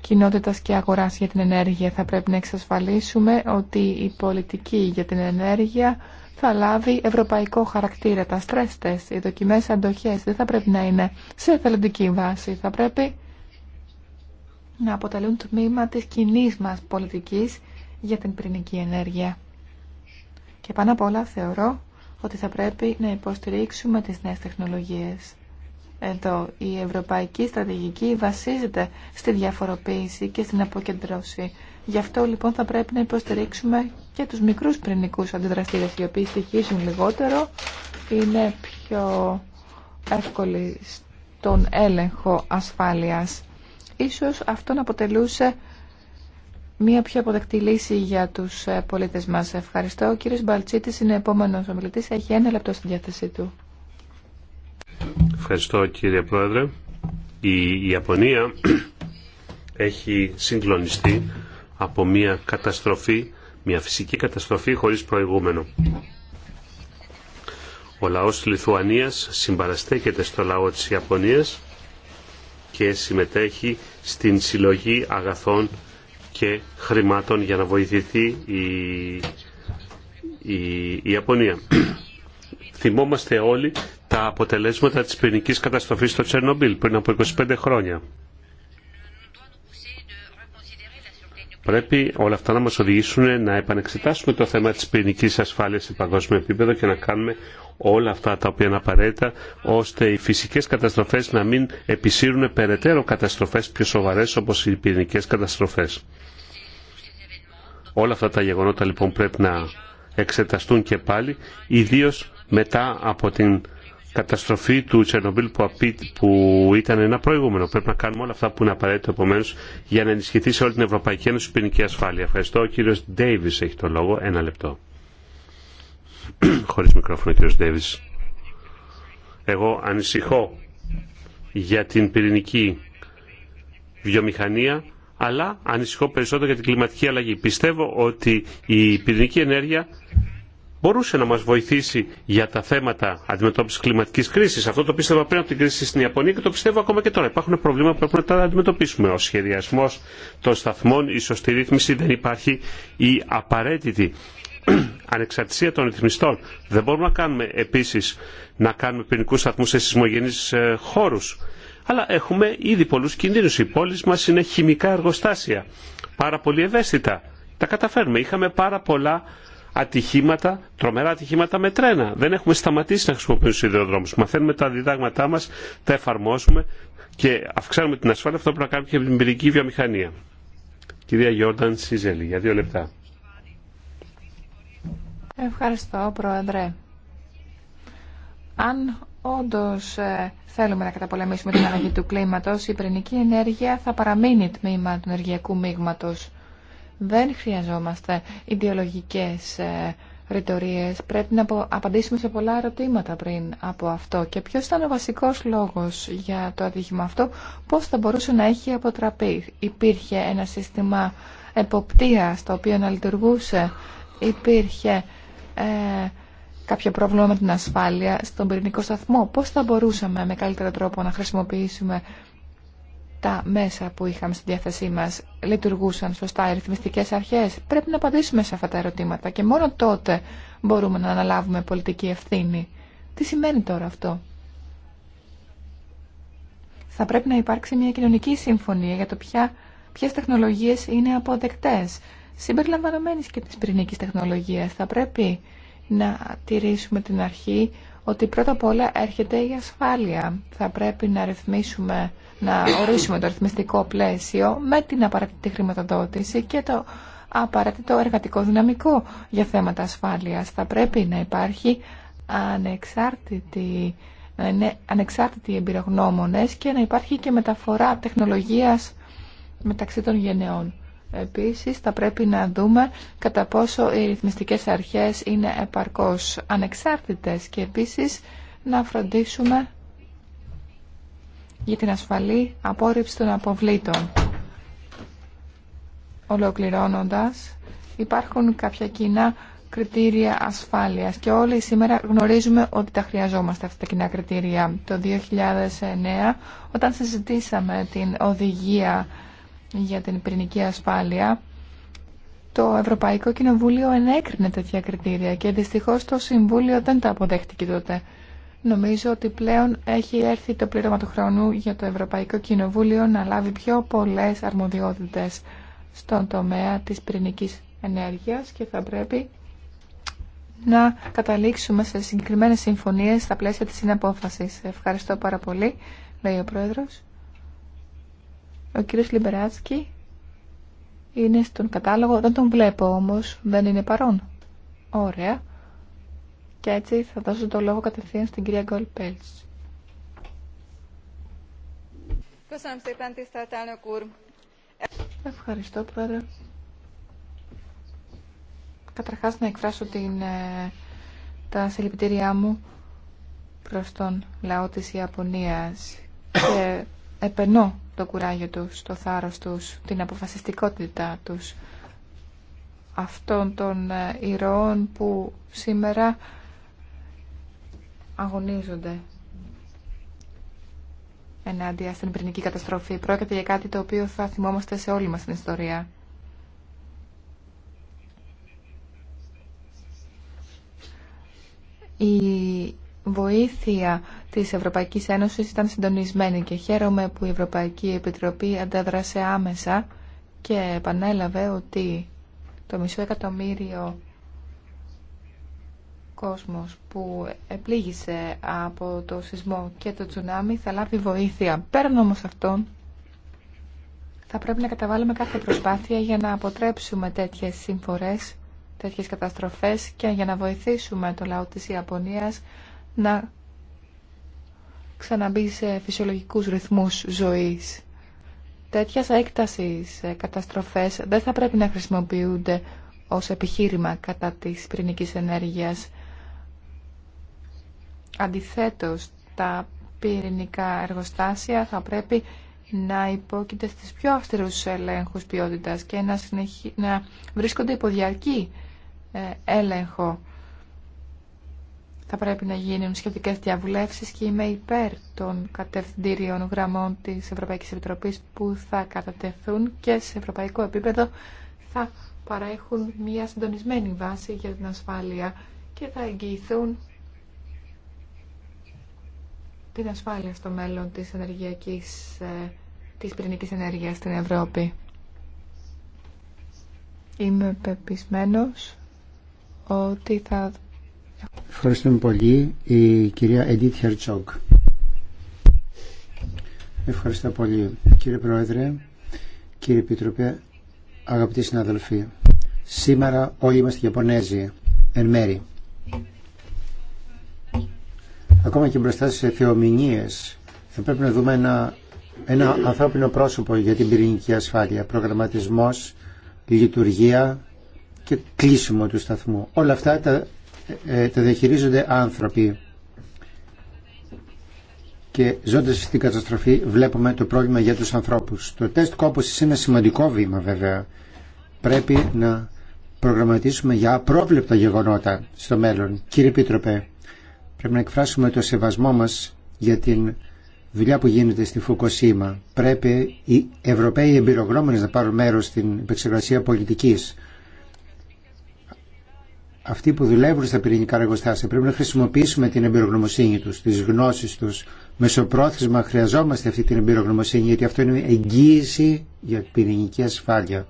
κοινότητας και αγοράς για την ενέργεια. Θα πρέπει να εξασφαλίσουμε ότι η πολιτική για την ενέργεια θα λάβει ευρωπαϊκό χαρακτήρα. Τα stress οι δοκιμές αντοχές δεν θα πρέπει να είναι σε εθελοντική βάση. Θα πρέπει να αποτελούν τμήμα της κοινή μας πολιτικής για την πυρηνική ενέργεια. Και πάνω απ' όλα θεωρώ ότι θα πρέπει να υποστηρίξουμε τις νέες τεχνολογίες εδώ. Η ευρωπαϊκή στρατηγική βασίζεται στη διαφοροποίηση και στην αποκεντρώση. Γι' αυτό λοιπόν θα πρέπει να υποστηρίξουμε και τους μικρούς πρινικούς αντιδραστήρες, οι οποίοι στοιχίζουν λιγότερο, είναι πιο εύκολοι στον έλεγχο ασφάλειας. Ίσως αυτό να αποτελούσε μια πιο αποδεκτή λύση για τους ε, πολίτες μας. Ευχαριστώ. Ο κύριος Μπαλτσίτης είναι επόμενος ομιλητής. Έχει ένα λεπτό στη διάθεσή του. Ευχαριστώ κύριε Πρόεδρε. Η Ιαπωνία έχει συγκλονιστεί από μια καταστροφή, μια φυσική καταστροφή χωρίς προηγούμενο. Ο λαός της Λιθουανίας συμπαραστέκεται στο λαό της Ιαπωνίας και συμμετέχει στην συλλογή αγαθών και χρημάτων για να βοηθηθεί η, η, η Ιαπωνία. Θυμόμαστε όλοι τα αποτελέσματα της πυρηνικής καταστροφής στο Τσερνομπίλ πριν από 25 χρόνια. Πρέπει όλα αυτά να μας οδηγήσουν να επανεξετάσουμε το θέμα της πυρηνικής ασφάλειας σε παγκόσμιο επίπεδο και να κάνουμε όλα αυτά τα οποία είναι απαραίτητα ώστε οι φυσικές καταστροφές να μην επισύρουν περαιτέρω καταστροφές πιο σοβαρές όπως οι πυρηνικές καταστροφές. Όλα αυτά τα γεγονότα λοιπόν πρέπει να εξεταστούν και πάλι ιδίως μετά από την καταστροφή του Τσερνομπίλ που, ήταν ένα προηγούμενο. Πρέπει να κάνουμε όλα αυτά που είναι απαραίτητο επομένω για να ενισχυθεί σε όλη την Ευρωπαϊκή Ένωση η ποινική ασφάλεια. Ευχαριστώ. Ο κύριο Ντέιβι έχει το λόγο. Ένα λεπτό. Χωρί μικρόφωνο, κύριο Ντέιβι. Εγώ ανησυχώ για την πυρηνική βιομηχανία, αλλά ανησυχώ περισσότερο για την κλιματική αλλαγή. Πιστεύω ότι η πυρηνική ενέργεια μπορούσε να μας βοηθήσει για τα θέματα αντιμετώπισης κλιματικής κρίσης. Αυτό το πίστευα πριν από την κρίση στην Ιαπωνία και το πιστεύω ακόμα και τώρα. Υπάρχουν προβλήματα που πρέπει να τα αντιμετωπίσουμε. Ο σχεδιασμός των σταθμών, η σωστή ρύθμιση, δεν υπάρχει η απαραίτητη ανεξαρτησία των ρυθμιστών. Δεν μπορούμε να κάνουμε επίσης να κάνουμε ποινικού σταθμού σε σεισμογενείς ε, χώρους. Αλλά έχουμε ήδη πολλούς κινδύνους. Οι πόλεις μας είναι χημικά εργοστάσια. Πάρα πολύ ευαίσθητα. Τα καταφέρουμε. Είχαμε πάρα πολλά ατυχήματα, τρομερά ατυχήματα με τρένα. Δεν έχουμε σταματήσει να χρησιμοποιούμε του ιδεοδρόμου. Μαθαίνουμε τα διδάγματά μα, τα εφαρμόσουμε και αυξάνουμε την ασφάλεια. Αυτό πρέπει να κάνουμε και με την πυρηνική βιομηχανία. Κυρία Γιόρνταν Σίζελη, για δύο λεπτά. Ευχαριστώ, Πρόεδρε. Αν όντω ε, θέλουμε να καταπολεμήσουμε την αλλαγή του κλίματο, η πυρηνική ενέργεια θα παραμείνει τμήμα του ενεργειακού μείγματο δεν χρειαζόμαστε ιδεολογικές ε, ρητορίες. Πρέπει να απαντήσουμε σε πολλά ερωτήματα πριν από αυτό. Και ποιος ήταν ο βασικός λόγος για το ατύχημα αυτό, πώς θα μπορούσε να έχει αποτραπεί. Υπήρχε ένα σύστημα εποπτείας το οποίο να λειτουργούσε. Υπήρχε ε, κάποιο πρόβλημα με την ασφάλεια στον πυρηνικό σταθμό. Πώς θα μπορούσαμε με καλύτερο τρόπο να χρησιμοποιήσουμε τα μέσα που είχαμε στη διάθεσή μας λειτουργούσαν σωστά οι ρυθμιστικές αρχές. Πρέπει να απαντήσουμε σε αυτά τα ερωτήματα και μόνο τότε μπορούμε να αναλάβουμε πολιτική ευθύνη. Τι σημαίνει τώρα αυτό. Θα πρέπει να υπάρξει μια κοινωνική συμφωνία για το ποιε ποιες τεχνολογίες είναι αποδεκτές. Συμπεριλαμβανομένης και της πυρηνικής τεχνολογίας θα πρέπει να τηρήσουμε την αρχή ότι πρώτα απ' όλα έρχεται η ασφάλεια. Θα πρέπει να ρυθμίσουμε να ορίσουμε το αριθμιστικό πλαίσιο με την απαραίτητη χρηματοδότηση και το απαραίτητο εργατικό δυναμικό για θέματα ασφάλειας. Θα πρέπει να υπάρχει ανεξάρτητη, να είναι ανεξάρτητοι εμπειρογνώμονες και να υπάρχει και μεταφορά τεχνολογίας μεταξύ των γενεών. Επίσης θα πρέπει να δούμε κατά πόσο οι ρυθμιστικές αρχές είναι επαρκώς ανεξάρτητες και επίσης να φροντίσουμε για την ασφαλή απόρριψη των αποβλήτων. Ολοκληρώνοντας, υπάρχουν κάποια κοινά κριτήρια ασφάλειας και όλοι σήμερα γνωρίζουμε ότι τα χρειαζόμαστε αυτά τα κοινά κριτήρια. Το 2009, όταν συζητήσαμε την οδηγία για την πυρηνική ασφάλεια, το Ευρωπαϊκό Κοινοβούλιο ενέκρινε τέτοια κριτήρια και δυστυχώς το Συμβούλιο δεν τα αποδέχτηκε τότε. Νομίζω ότι πλέον έχει έρθει το πλήρωμα του χρόνου για το Ευρωπαϊκό Κοινοβούλιο να λάβει πιο πολλές αρμοδιότητες στον τομέα της πυρηνικής ενέργειας και θα πρέπει να καταλήξουμε σε συγκεκριμένες συμφωνίες στα πλαίσια της συναπόφασης. Ευχαριστώ πάρα πολύ, λέει ο Πρόεδρος. Ο κύριος Λιμπεράτσκι είναι στον κατάλογο, δεν τον βλέπω όμως, δεν είναι παρόν. Ωραία. Και έτσι θα δώσω το λόγο κατευθείαν στην κυρία Γκόλ Πέλτς. Ευχαριστώ, Πρόεδρε. Καταρχάς να εκφράσω την, ε, τα συλληπιτήριά μου προς τον λαό της Ιαπωνίας και επενώ το κουράγιο τους, το θάρρος τους, την αποφασιστικότητα τους αυτών των ε, ηρώων που σήμερα αγωνίζονται ενάντια στην πυρηνική καταστροφή. Πρόκειται για κάτι το οποίο θα θυμόμαστε σε όλη μας την ιστορία. Η βοήθεια της Ευρωπαϊκής Ένωσης ήταν συντονισμένη και χαίρομαι που η Ευρωπαϊκή Επιτροπή αντέδρασε άμεσα και επανέλαβε ότι το μισό εκατομμύριο κόσμος που επλήγησε από το σεισμό και το τσουνάμι θα λάβει βοήθεια. Πέραν όμως αυτών, θα πρέπει να καταβάλουμε κάθε προσπάθεια για να αποτρέψουμε τέτοιες συμφορές, τέτοιες καταστροφές και για να βοηθήσουμε το λαό της Ιαπωνίας να ξαναμπεί σε φυσιολογικούς ρυθμούς ζωής. Τέτοιας έκτασης καταστροφές δεν θα πρέπει να χρησιμοποιούνται ως επιχείρημα κατά της πυρηνικής ενέργειας. Αντιθέτως, τα πυρηνικά εργοστάσια θα πρέπει να υπόκειται στις πιο αυστηρούς ελέγχους ποιότητας και να, συνεχί... να βρίσκονται υποδιαρκή ε, έλεγχο. Θα πρέπει να γίνουν σχετικές διαβουλεύσεις και είμαι υπέρ των κατευθυντήριων γραμμών της Ευρωπαϊκής Επιτροπής που θα κατατεθούν και σε ευρωπαϊκό επίπεδο θα παρέχουν μια συντονισμένη βάση για την ασφάλεια και θα εγγυηθούν την ασφάλεια στο μέλλον της ενεργειακής, ε, της πυρηνικής ενέργειας στην Ευρώπη. Είμαι πεπισμένος ότι θα... Ευχαριστούμε πολύ η κυρία Εντίτ Χερτσόγκ. Ευχαριστώ πολύ κύριε Πρόεδρε, κύριε Επιτροπέ, αγαπητοί συναδελφοί. Σήμερα όλοι είμαστε Ιαπωνέζοι, εν μέρη. Ακόμα και μπροστά σε θεομηνίες θα πρέπει να δούμε ένα, ένα ανθρώπινο πρόσωπο για την πυρηνική ασφάλεια, προγραμματισμός, λειτουργία και κλείσιμο του σταθμού. Όλα αυτά τα, ε, ε, τα διαχειρίζονται άνθρωποι. Και ζώντας στην καταστροφή βλέπουμε το πρόβλημα για τους ανθρώπους. Το τεστ κόπωσης είναι σημαντικό βήμα βέβαια. Πρέπει να προγραμματίσουμε για απρόβλεπτα γεγονότα στο μέλλον. Κύριε Πίτροπε, Πρέπει να εκφράσουμε το σεβασμό μας για την δουλειά που γίνεται στη Φουκοσίμα. Πρέπει οι Ευρωπαίοι εμπειρογνώμονες να πάρουν μέρος στην επεξεργασία πολιτικής. Αυτοί που δουλεύουν στα πυρηνικά εργοστάσια πρέπει να χρησιμοποιήσουμε την εμπειρογνωμοσύνη τους, τις γνώσεις τους. Μεσοπρόθεσμα χρειαζόμαστε αυτή την εμπειρογνωμοσύνη γιατί αυτό είναι εγγύηση για πυρηνική ασφάλεια.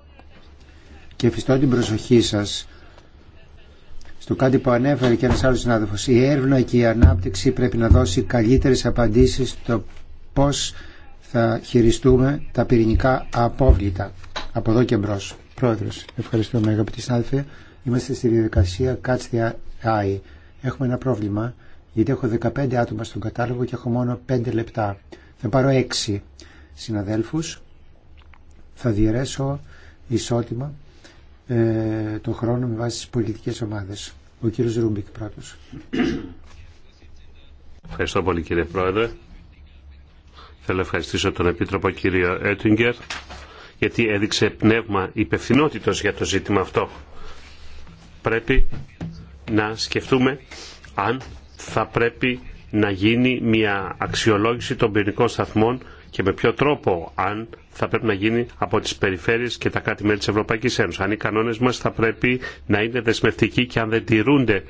Και ευχαριστώ την προσοχή σας το κάτι που ανέφερε και ένας άλλος συνάδελφος. Η έρευνα και η ανάπτυξη πρέπει να δώσει καλύτερες απαντήσεις στο πώς θα χειριστούμε τα πυρηνικά απόβλητα από εδώ και μπρος. Πρόεδρος, ευχαριστούμε αγαπητοί συνάδελφοι. Είμαστε στη διαδικασία Catch the Έχουμε ένα πρόβλημα γιατί έχω 15 άτομα στον κατάλογο και έχω μόνο 5 λεπτά. Θα πάρω 6 συναδέλφους. Θα διαιρέσω ισότιμα ε, το χρόνο με βάση τις πολιτικές ομάδες. Ο κύριος Ρούμπικ πράγματος. Ευχαριστώ πολύ κύριε Πρόεδρε. Θέλω να ευχαριστήσω τον Επίτροπο κύριο Έτουγκερ γιατί έδειξε πνεύμα υπευθυνότητος για το ζήτημα αυτό. Πρέπει να σκεφτούμε αν θα πρέπει να γίνει μια αξιολόγηση των πυρηνικών σταθμών και με ποιο τρόπο, αν θα πρέπει να γίνει από τις περιφέρειες και τα κράτη-μέλη της Ευρωπαϊκής Ένωσης. Αν οι κανόνες μας θα πρέπει να είναι δεσμευτικοί και αν δεν τηρούνται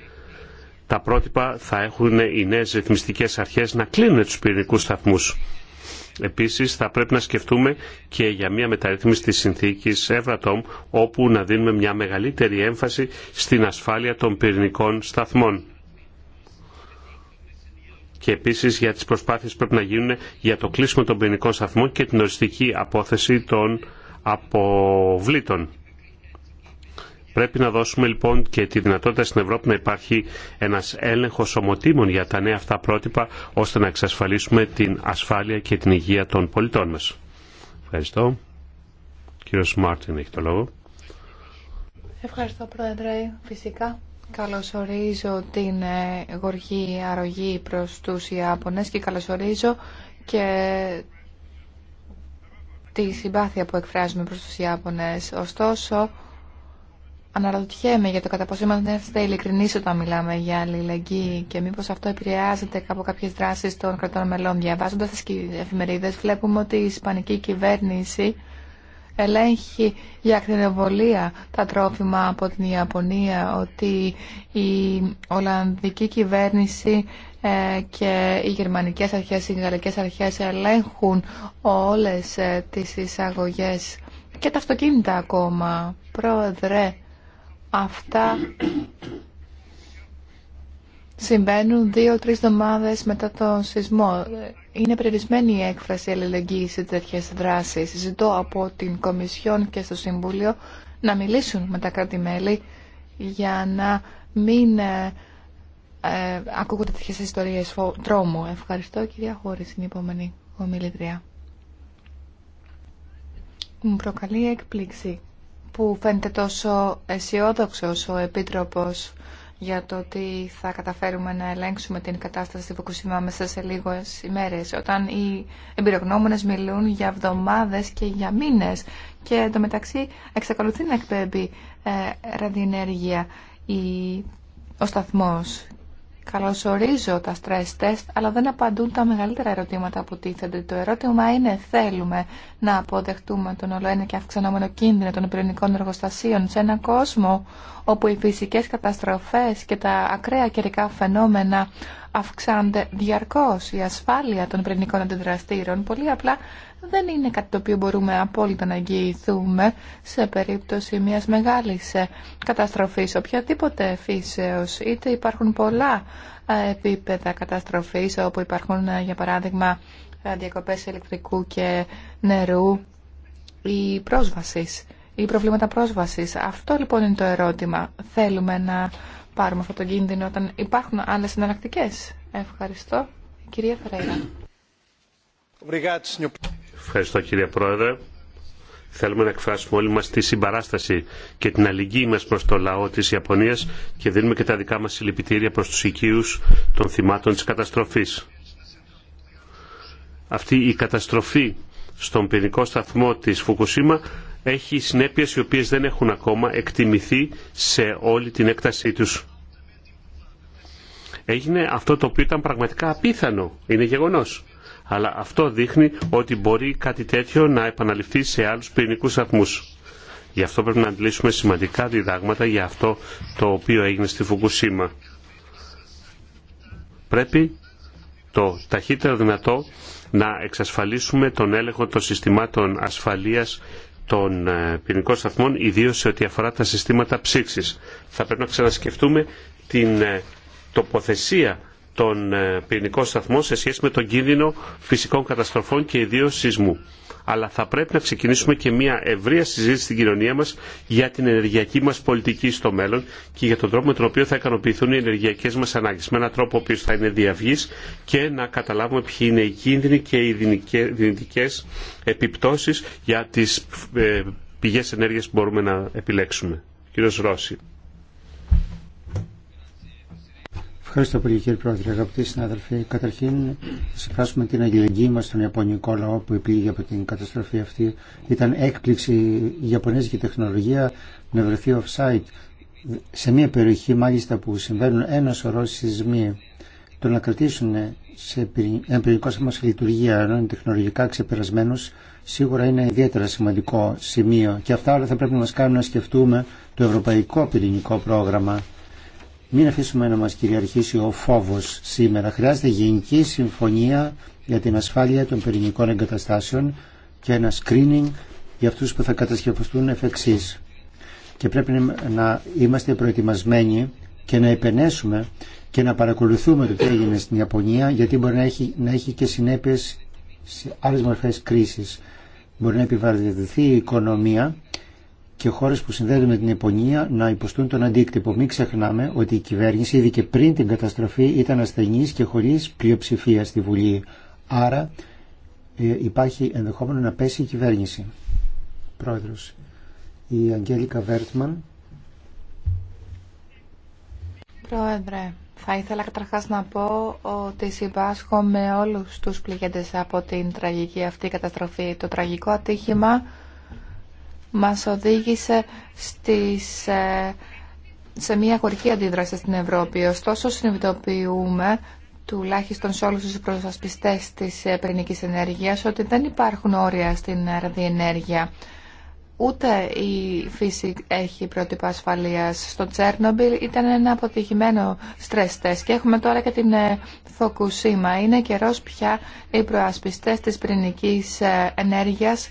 τα πρότυπα θα έχουν οι νέε ρυθμιστικές αρχές να κλείνουν τους πυρηνικούς σταθμούς. Επίσης θα πρέπει να σκεφτούμε και για μια μεταρρύθμιση της συνθήκης Ευρατόμ όπου να δίνουμε μια μεγαλύτερη έμφαση στην ασφάλεια των πυρηνικών σταθμών και επίση για τις προσπάθειες που πρέπει να γίνουν για το κλείσιμο των ποινικών σταθμών και την οριστική απόθεση των αποβλήτων. Πρέπει να δώσουμε λοιπόν και τη δυνατότητα στην Ευρώπη να υπάρχει ένας έλεγχος ομοτήμων για τα νέα αυτά πρότυπα ώστε να εξασφαλίσουμε την ασφάλεια και την υγεία των πολιτών μας. Ευχαριστώ. Κύριος Μάρτιν έχει το λόγο. Ευχαριστώ Πρόεδρε. Φυσικά Καλωσορίζω την ε, γοργή αρρωγή προς τους Ιάπωνες και καλωσορίζω και τη συμπάθεια που εκφράζουμε προς τους Ιάπωνες. Ωστόσο, αναρωτιέμαι για το κατά πόσο είμαστε ειλικρινείς όταν μιλάμε για αλληλεγγύη και μήπως αυτό επηρεάζεται από κάποιες δράσεις των κρατών μελών. Διαβάζοντας τις εφημερίδες βλέπουμε ότι η Ισπανική κυβέρνηση ελέγχει για ακτινοβολία τα τρόφιμα από την Ιαπωνία, ότι η Ολλανδική κυβέρνηση ε, και οι γερμανικές αρχές, οι γαλλικές αρχές ελέγχουν όλες ε, τις εισαγωγές και τα αυτοκίνητα ακόμα. Πρόεδρε, αυτά συμβαίνουν δύο-τρει εβδομάδε μετά τον σεισμό. Είναι περιορισμένη η έκφραση αλληλεγγύη σε τέτοιε δράσει. Ζητώ από την Κομισιόν και στο Συμβούλιο να μιλήσουν με τα κράτη-μέλη για να μην ε, ε, ακούγονται τέτοιε ιστορίε τρόμου. Ευχαριστώ κυρία Χώρη, στην επόμενη ομιλητρία. Μου προκαλεί έκπληξη που φαίνεται τόσο αισιόδοξο ο επίτροπο για το ότι θα καταφέρουμε να ελέγξουμε την κατάσταση στη Φουκουσίμα μέσα σε λίγες ημέρες, όταν οι εμπειρογνώμονες μιλούν για εβδομάδες και για μήνες και μεταξύ εξακολουθεί να εκπέμπει ε, ραδιενέργεια η, ο σταθμός Καλωσορίζω τα stress test, αλλά δεν απαντούν τα μεγαλύτερα ερωτήματα που τίθενται. Το ερώτημα είναι, θέλουμε να αποδεχτούμε τον ολοένα και αυξανόμενο κίνδυνο των πυρηνικών εργοστασίων σε έναν κόσμο όπου οι φυσικές καταστροφές και τα ακραία καιρικά φαινόμενα αυξάνονται διαρκώς. Η ασφάλεια των πυρηνικών αντιδραστήρων πολύ απλά δεν είναι κάτι το οποίο μπορούμε απόλυτα να εγγυηθούμε σε περίπτωση μιας μεγάλης ε, καταστροφής οποιαδήποτε φύσεως. Είτε υπάρχουν πολλά ε, επίπεδα καταστροφής όπου υπάρχουν ε, για παράδειγμα διακοπές ηλεκτρικού και νερού ή πρόσβασης ή προβλήματα πρόσβασης. Αυτό λοιπόν είναι το ερώτημα. Θέλουμε να πάρουμε αυτό το κίνδυνο όταν υπάρχουν άλλες εναλλακτικέ. Ευχαριστώ. Κυρία Ευχαριστώ κύριε Πρόεδρε. Θέλουμε να εκφράσουμε όλοι μας τη συμπαράσταση και την αλληλική μας προς το λαό της Ιαπωνίας και δίνουμε και τα δικά μας συλληπιτήρια προς τους οικείους των θυμάτων της καταστροφής. Αυτή η καταστροφή στον πυρηνικό σταθμό της Φουκουσίμα έχει συνέπειες οι οποίες δεν έχουν ακόμα εκτιμηθεί σε όλη την έκτασή τους. Έγινε αυτό το οποίο ήταν πραγματικά απίθανο. Είναι γεγονός αλλά αυτό δείχνει ότι μπορεί κάτι τέτοιο να επαναληφθεί σε άλλους πυρηνικούς σταθμούς. Γι' αυτό πρέπει να αντλήσουμε σημαντικά διδάγματα για αυτό το οποίο έγινε στη Φουκουσίμα. Πρέπει το ταχύτερο δυνατό να εξασφαλίσουμε τον έλεγχο των συστημάτων ασφαλείας των ε, πυρηνικών σταθμών, ιδίως σε ό,τι αφορά τα συστήματα ψήξης. Θα πρέπει να ξανασκεφτούμε την ε, τοποθεσία τον ε, πυρηνικό σταθμό σε σχέση με τον κίνδυνο φυσικών καταστροφών και ιδίω σεισμού. Αλλά θα πρέπει να ξεκινήσουμε και μια ευρεία συζήτηση στην κοινωνία μα για την ενεργειακή μα πολιτική στο μέλλον και για τον τρόπο με τον οποίο θα ικανοποιηθούν οι ενεργειακέ μα ανάγκε. Με έναν τρόπο ο οποίο θα είναι διαυγή και να καταλάβουμε ποιοι είναι οι κίνδυνοι και οι δυνητικέ επιπτώσει για τι ε, πηγέ ενέργεια που μπορούμε να επιλέξουμε. Κύριος Ρώση. Ευχαριστώ πολύ κύριε Πρόεδρε. Αγαπητοί συνάδελφοι, καταρχήν συμφράσουμε την αγγελική μας στον Ιαπωνικό λαό που επήγε από την καταστροφή αυτή. Ήταν έκπληξη η Ιαπωνέζικη τεχνολογία να βρεθεί off-site σε μια περιοχή μάλιστα που συμβαίνουν ένα σωρό σεισμοί. Το να κρατήσουν σε εμπειρικό σώμα σε λειτουργία ενώ είναι τεχνολογικά ξεπερασμένου σίγουρα είναι ιδιαίτερα σημαντικό σημείο. Και αυτά όλα θα πρέπει να μα κάνουν να σκεφτούμε το ευρωπαϊκό πυρηνικό πρόγραμμα μην αφήσουμε να μας κυριαρχήσει ο φόβος σήμερα. Χρειάζεται γενική συμφωνία για την ασφάλεια των πυρηνικών εγκαταστάσεων και ένα screening για αυτούς που θα κατασκευαστούν εφ' εξής. Και πρέπει να είμαστε προετοιμασμένοι και να επενέσουμε και να παρακολουθούμε το τι έγινε στην Ιαπωνία γιατί μπορεί να έχει, να έχει και συνέπειες σε άλλες μορφές κρίσης. Μπορεί να επιβαρυνθεί η οικονομία και χώρε που συνδέονται με την Ιαπωνία να υποστούν τον αντίκτυπο. Μην ξεχνάμε ότι η κυβέρνηση ήδη και πριν την καταστροφή ήταν ασθενή και χωρί πλειοψηφία στη Βουλή. Άρα ε, υπάρχει ενδεχόμενο να πέσει η κυβέρνηση. Πρόεδρος, η Αγγέλικα Βέρτμαν. Πρόεδρε, θα ήθελα καταρχά να πω ότι συμπάσχω με όλους του από την τραγική αυτή καταστροφή. Το τραγικό ατύχημα μας οδήγησε στις, ε, σε μια χωρική αντίδραση στην Ευρώπη. Ωστόσο, συνειδητοποιούμε τουλάχιστον σε όλους τους προσασπιστές της ε, πυρηνικής ενέργειας ότι δεν υπάρχουν όρια στην ραδιενέργεια. Ούτε η φύση έχει πρότυπα ασφαλείας. Στο Τσέρνομπιλ ήταν ένα αποτυχημένο στρες τεστ και έχουμε τώρα και την ε, Φοκουσίμα. Είναι καιρός πια οι προασπιστές της πυρηνικής ενέργειας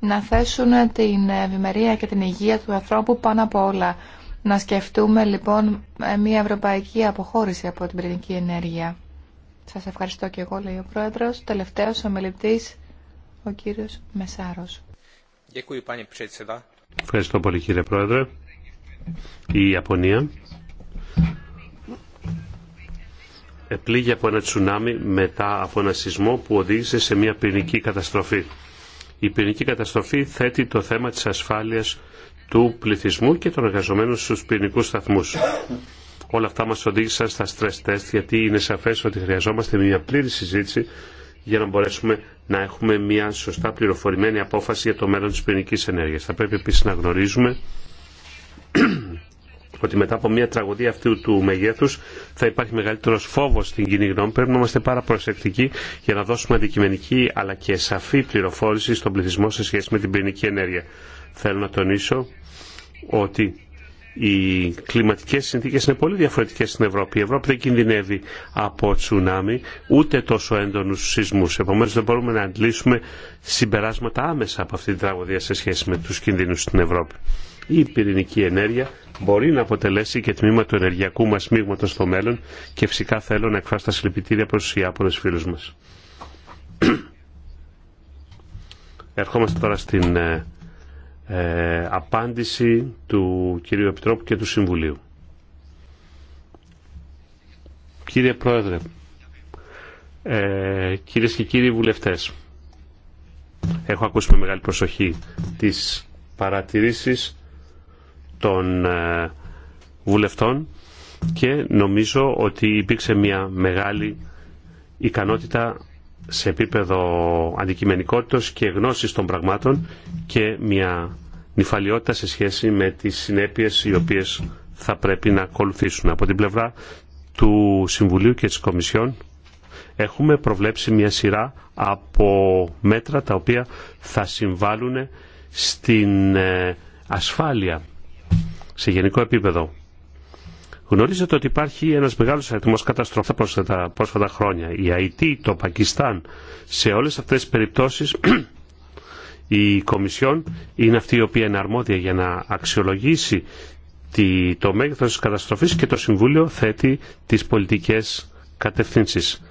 να θέσουν την ευημερία και την υγεία του ανθρώπου πάνω από όλα. Να σκεφτούμε λοιπόν ε, μια ευρωπαϊκή αποχώρηση από την πυρηνική ενέργεια. Σας ευχαριστώ και εγώ, λέει ο Πρόεδρος. Τελευταίος ομιλητής, ο κύριος Μεσάρος. Ευχαριστώ πολύ κύριε Πρόεδρε. Η Ιαπωνία επλήγει από ένα τσουνάμι μετά από ένα σεισμό που οδήγησε σε μια πυρηνική καταστροφή. Η πυρηνική καταστροφή θέτει το θέμα της ασφάλειας του πληθυσμού και των εργαζομένων στους πυρηνικούς σταθμούς. Όλα αυτά μας οδήγησαν στα stress test γιατί είναι σαφές ότι χρειαζόμαστε μια πλήρη συζήτηση για να μπορέσουμε να έχουμε μια σωστά πληροφορημένη απόφαση για το μέλλον της πυρηνικής ενέργειας. Θα πρέπει επίσης να γνωρίζουμε ότι μετά από μια τραγωδία αυτού του μεγέθους θα υπάρχει μεγαλύτερος φόβος στην κοινή γνώμη. Πρέπει να είμαστε πάρα προσεκτικοί για να δώσουμε αντικειμενική αλλά και σαφή πληροφόρηση στον πληθυσμό σε σχέση με την πυρηνική ενέργεια. Θέλω να τονίσω ότι οι κλιματικές συνθήκες είναι πολύ διαφορετικές στην Ευρώπη. Η Ευρώπη δεν κινδυνεύει από τσουνάμι, ούτε τόσο έντονους σεισμούς. Επομένως δεν μπορούμε να αντλήσουμε συμπεράσματα άμεσα από αυτή την τραγωδία σε σχέση με τους κινδύνους στην Ευρώπη η πυρηνική ενέργεια μπορεί να αποτελέσει και τμήμα του ενεργειακού μας μίγματος στο μέλλον και φυσικά θέλω να εκφράσω τα συλληπιτήρια προς τους Ιάπωνες φίλους μας. Ερχόμαστε τώρα στην ε, ε, απάντηση του κυρίου Επιτρόπου και του Συμβουλίου. Κύριε Πρόεδρε, ε, κυρίες και κύριοι βουλευτές, έχω ακούσει με μεγάλη προσοχή τις παρατηρήσεις των ε, βουλευτών και νομίζω ότι υπήρξε μια μεγάλη ικανότητα σε επίπεδο αντικειμενικότητας και γνώσης των πραγμάτων και μια νυφαλιότητα σε σχέση με τις συνέπειες οι οποίες θα πρέπει να ακολουθήσουν. Από την πλευρά του Συμβουλίου και της Κομισιόν έχουμε προβλέψει μια σειρά από μέτρα τα οποία θα συμβάλλουν στην ε, ασφάλεια σε γενικό επίπεδο. Γνωρίζετε ότι υπάρχει ένας μεγάλος αριθμός καταστροφών τα πρόσφατα χρόνια. Η ΑΕΤ, το Πακιστάν, σε όλες αυτές τις περιπτώσεις η Κομισιόν είναι αυτή η οποία είναι αρμόδια για να αξιολογήσει το μέγεθος της καταστροφής και το Συμβούλιο θέτει τις πολιτικές κατευθύνσεις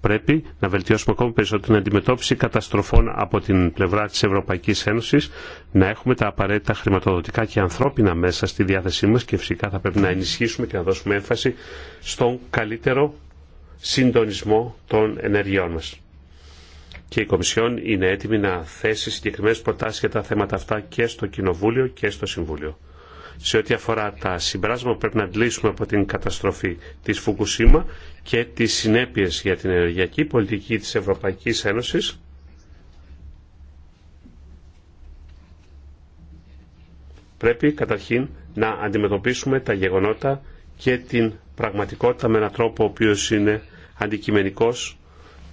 πρέπει να βελτιώσουμε ακόμα περισσότερο την αντιμετώπιση καταστροφών από την πλευρά της Ευρωπαϊκής Ένωσης, να έχουμε τα απαραίτητα χρηματοδοτικά και ανθρώπινα μέσα στη διάθεσή μας και φυσικά θα πρέπει να ενισχύσουμε και να δώσουμε έμφαση στον καλύτερο συντονισμό των ενεργειών μας. Και η Κομισιόν είναι έτοιμη να θέσει συγκεκριμένες προτάσεις για τα θέματα αυτά και στο Κοινοβούλιο και στο Συμβούλιο σε ό,τι αφορά τα συμπράσματα που πρέπει να αντλήσουμε από την καταστροφή της Φουκουσίμα και τις συνέπειες για την ενεργειακή πολιτική της Ευρωπαϊκής Ένωσης. Πρέπει καταρχήν να αντιμετωπίσουμε τα γεγονότα και την πραγματικότητα με έναν τρόπο ο οποίος είναι αντικειμενικός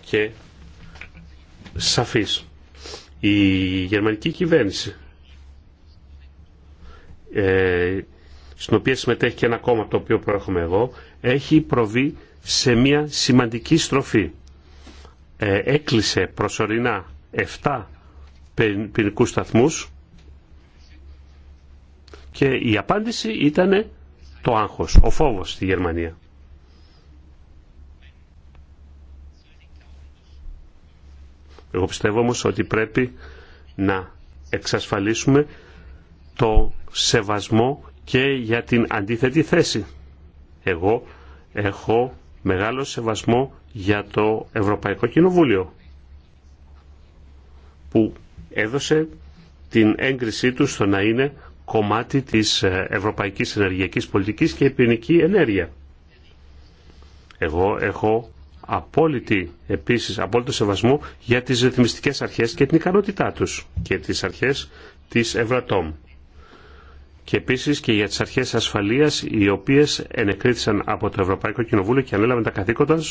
και σαφής. Η γερμανική κυβέρνηση ε, στην οποία συμμετέχει και ένα κόμμα το οποίο προέρχομαι εγώ, έχει προβεί σε μια σημαντική στροφή. Ε, έκλεισε προσωρινά 7 ποινικού σταθμούς και η απάντηση ήταν το άγχος, ο φόβος στη Γερμανία. Εγώ πιστεύω όμως ότι πρέπει να εξασφαλίσουμε το σεβασμό και για την αντίθετη θέση. Εγώ έχω μεγάλο σεβασμό για το Ευρωπαϊκό Κοινοβούλιο που έδωσε την έγκρισή του στο να είναι κομμάτι της ευρωπαϊκής ενεργειακής πολιτικής και ποινική ενέργεια. Εγώ έχω απόλυτη, επίσης, απόλυτο σεβασμό για τις ρυθμιστικές αρχές και την ικανότητά τους και τις αρχές της Ευρατόμ και επίση και για τι αρχέ ασφαλεία, οι οποίε ενεκρίθησαν από το Ευρωπαϊκό Κοινοβούλιο και ανέλαβαν τα καθήκοντα του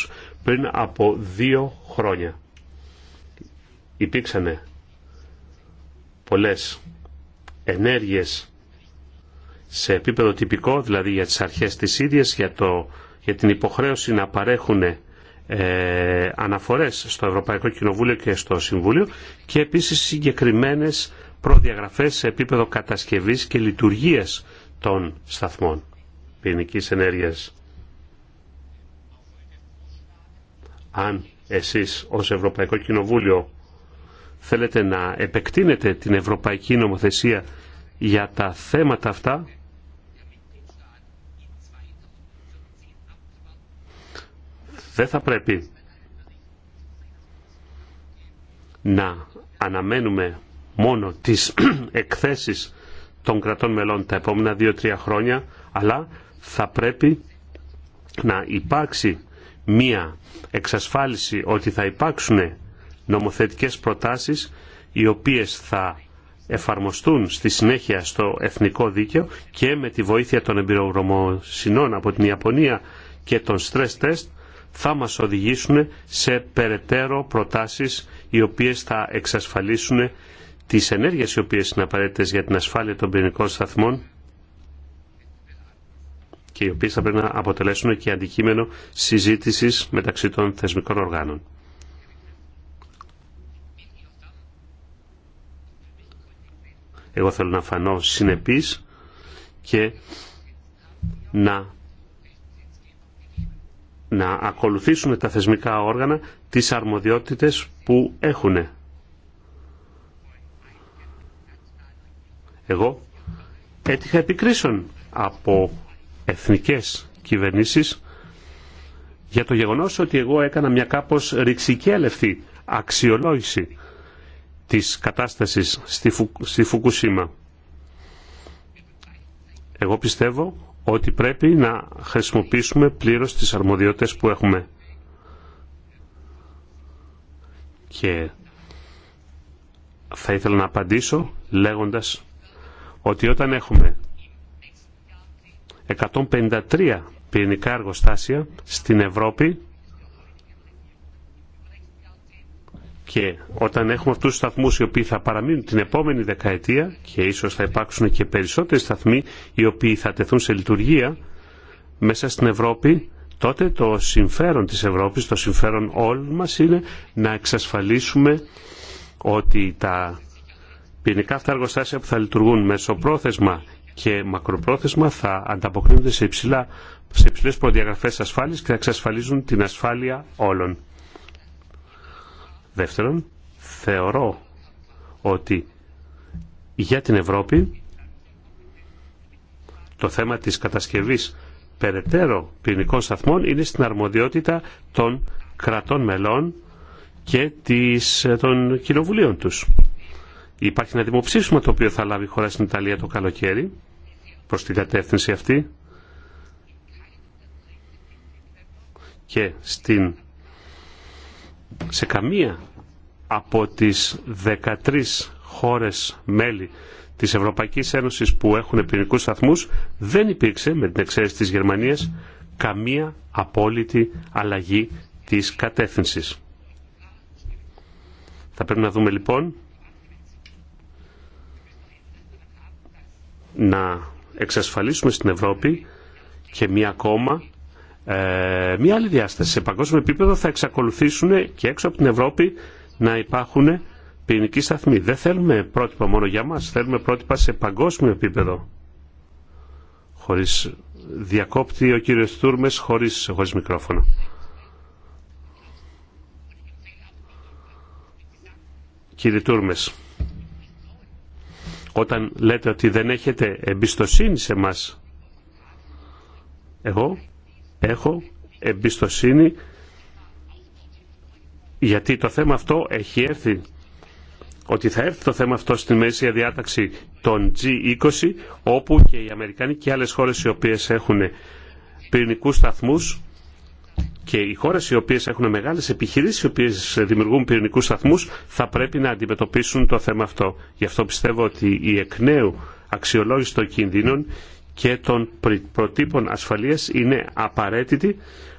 πριν από δύο χρόνια. Υπήρξαν πολλέ ενέργειε σε επίπεδο τυπικό, δηλαδή για τις αρχές της ίδιας, για, το, για την υποχρέωση να παρέχουν ε, αναφορές στο Ευρωπαϊκό Κοινοβούλιο και στο Συμβούλιο και επίσης συγκεκριμένες προδιαγραφές σε επίπεδο κατασκευής και λειτουργίας των σταθμών πυρηνικής ενέργειας. Αν εσείς ως Ευρωπαϊκό Κοινοβούλιο θέλετε να επεκτείνετε την ευρωπαϊκή νομοθεσία για τα θέματα αυτά, δεν θα πρέπει να αναμένουμε μόνο τις εκθέσεις των κρατών μελών τα επόμενα δύο-τρία χρόνια, αλλά θα πρέπει να υπάρξει μία εξασφάλιση ότι θα υπάρξουν νομοθετικές προτάσεις οι οποίες θα εφαρμοστούν στη συνέχεια στο εθνικό δίκαιο και με τη βοήθεια των εμπειρογνωμοσυνών από την Ιαπωνία και των stress test θα μας οδηγήσουν σε περαιτέρω προτάσεις οι οποίες θα εξασφαλίσουν τις ενέργειες οι οποίες είναι απαραίτητες για την ασφάλεια των πυρηνικών σταθμών και οι οποίες θα πρέπει να αποτελέσουν και αντικείμενο συζήτησης μεταξύ των θεσμικών οργάνων. Εγώ θέλω να φανώ συνεπής και να, να ακολουθήσουν τα θεσμικά όργανα τις αρμοδιότητες που έχουν Εγώ έτυχα επικρίσεων από εθνικές κυβερνήσεις για το γεγονός ότι εγώ έκανα μια κάπως ρηξικέλευτη αξιολόγηση της κατάστασης στη, Φου, στη Φουκουσίμα. Εγώ πιστεύω ότι πρέπει να χρησιμοποιήσουμε πλήρως τις αρμοδιότητες που έχουμε. Και θα ήθελα να απαντήσω λέγοντας ότι όταν έχουμε 153 πυρηνικά εργοστάσια στην Ευρώπη και όταν έχουμε αυτούς τους σταθμούς οι οποίοι θα παραμείνουν την επόμενη δεκαετία και ίσως θα υπάρξουν και περισσότεροι σταθμοί οι οποίοι θα τεθούν σε λειτουργία μέσα στην Ευρώπη τότε το συμφέρον της Ευρώπης, το συμφέρον όλων μας είναι να εξασφαλίσουμε ότι τα Ποινικά αυτά εργοστάσια που θα λειτουργούν μεσοπρόθεσμα και μακροπρόθεσμα θα ανταποκρίνονται σε, υψηλά, σε υψηλές προδιαγραφές ασφάλειας και θα εξασφαλίζουν την ασφάλεια όλων. Δεύτερον, θεωρώ ότι για την Ευρώπη το θέμα της κατασκευής περαιτέρω ποινικών σταθμών είναι στην αρμοδιότητα των κρατών μελών και των κοινοβουλίων τους. Υπάρχει ένα δημοψήφισμα το οποίο θα λάβει η χώρα στην Ιταλία το καλοκαίρι προς την κατεύθυνση αυτή και στην, σε καμία από τις 13 χώρες μέλη της Ευρωπαϊκής Ένωσης που έχουν πυρηνικούς σταθμούς δεν υπήρξε με την εξαίρεση της Γερμανίας καμία απόλυτη αλλαγή της κατεύθυνσης. Θα πρέπει να δούμε λοιπόν να εξασφαλίσουμε στην Ευρώπη και μία ακόμα ε, μία άλλη διάσταση. Σε παγκόσμιο επίπεδο θα εξακολουθήσουν και έξω από την Ευρώπη να υπάρχουν πυρηνικοί σταθμοί. Δεν θέλουμε πρότυπα μόνο για μας, θέλουμε πρότυπα σε παγκόσμιο επίπεδο. Χωρίς διακόπτη ο κύριος Τούρμες χωρίς, χωρίς μικρόφωνο. Κύριε Τούρμες. Όταν λέτε ότι δεν έχετε εμπιστοσύνη σε μας, εγώ έχω εμπιστοσύνη γιατί το θέμα αυτό έχει έρθει ότι θα έρθει το θέμα αυτό στη μέση διάταξη των G20 όπου και οι Αμερικανοί και άλλες χώρες οι οποίες έχουν πυρηνικούς σταθμούς και οι χώρε οι οποίε έχουν μεγάλε επιχειρήσει, οι οποίε δημιουργούν πυρηνικού σταθμού, θα πρέπει να αντιμετωπίσουν το θέμα αυτό. Γι' αυτό πιστεύω ότι η εκ νέου αξιολόγηση των κινδύνων και των προτύπων ασφαλεία είναι απαραίτητη.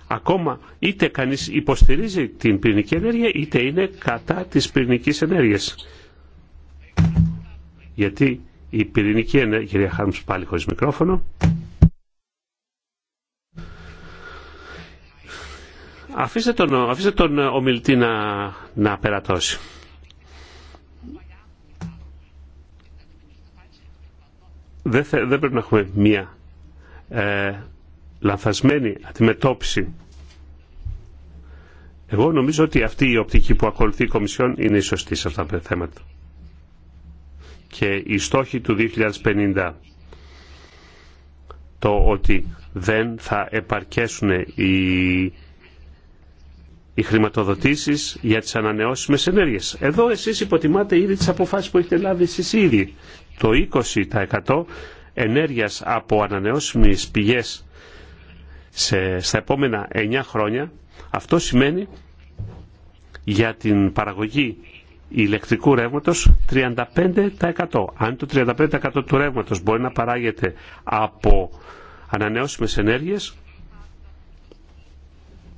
Ακόμα είτε κανείς υποστηρίζει την πυρηνική ενέργεια είτε είναι κατά της πυρηνικής ενέργειας. Γιατί η πυρηνική ενέργεια, κυρία Χάρμς πάλι χωρίς μικρόφωνο, Αφήστε τον, τον ε, ομιλητή να, να περατώσει. Δεν, πρέπει να έχουμε μία ε, λανθασμένη αντιμετώπιση. Εγώ νομίζω ότι αυτή η οπτική που ακολουθεί η Κομισιόν είναι η σωστή σε αυτά τα θέματα. Και η στόχοι του 2050 το ότι δεν θα επαρκέσουν οι οι χρηματοδοτήσει για τις ανανεώσιμες ενέργειες. Εδώ εσείς υποτιμάτε ήδη τις αποφάσει που έχετε λάβει εσεί ήδη. Το 20% ενέργειας από ανανεώσιμες πηγές στα επόμενα 9 χρόνια, αυτό σημαίνει για την παραγωγή ηλεκτρικού ρεύματος 35%. Αν το 35% του ρεύματος μπορεί να παράγεται από ανανεώσιμες ενέργειες,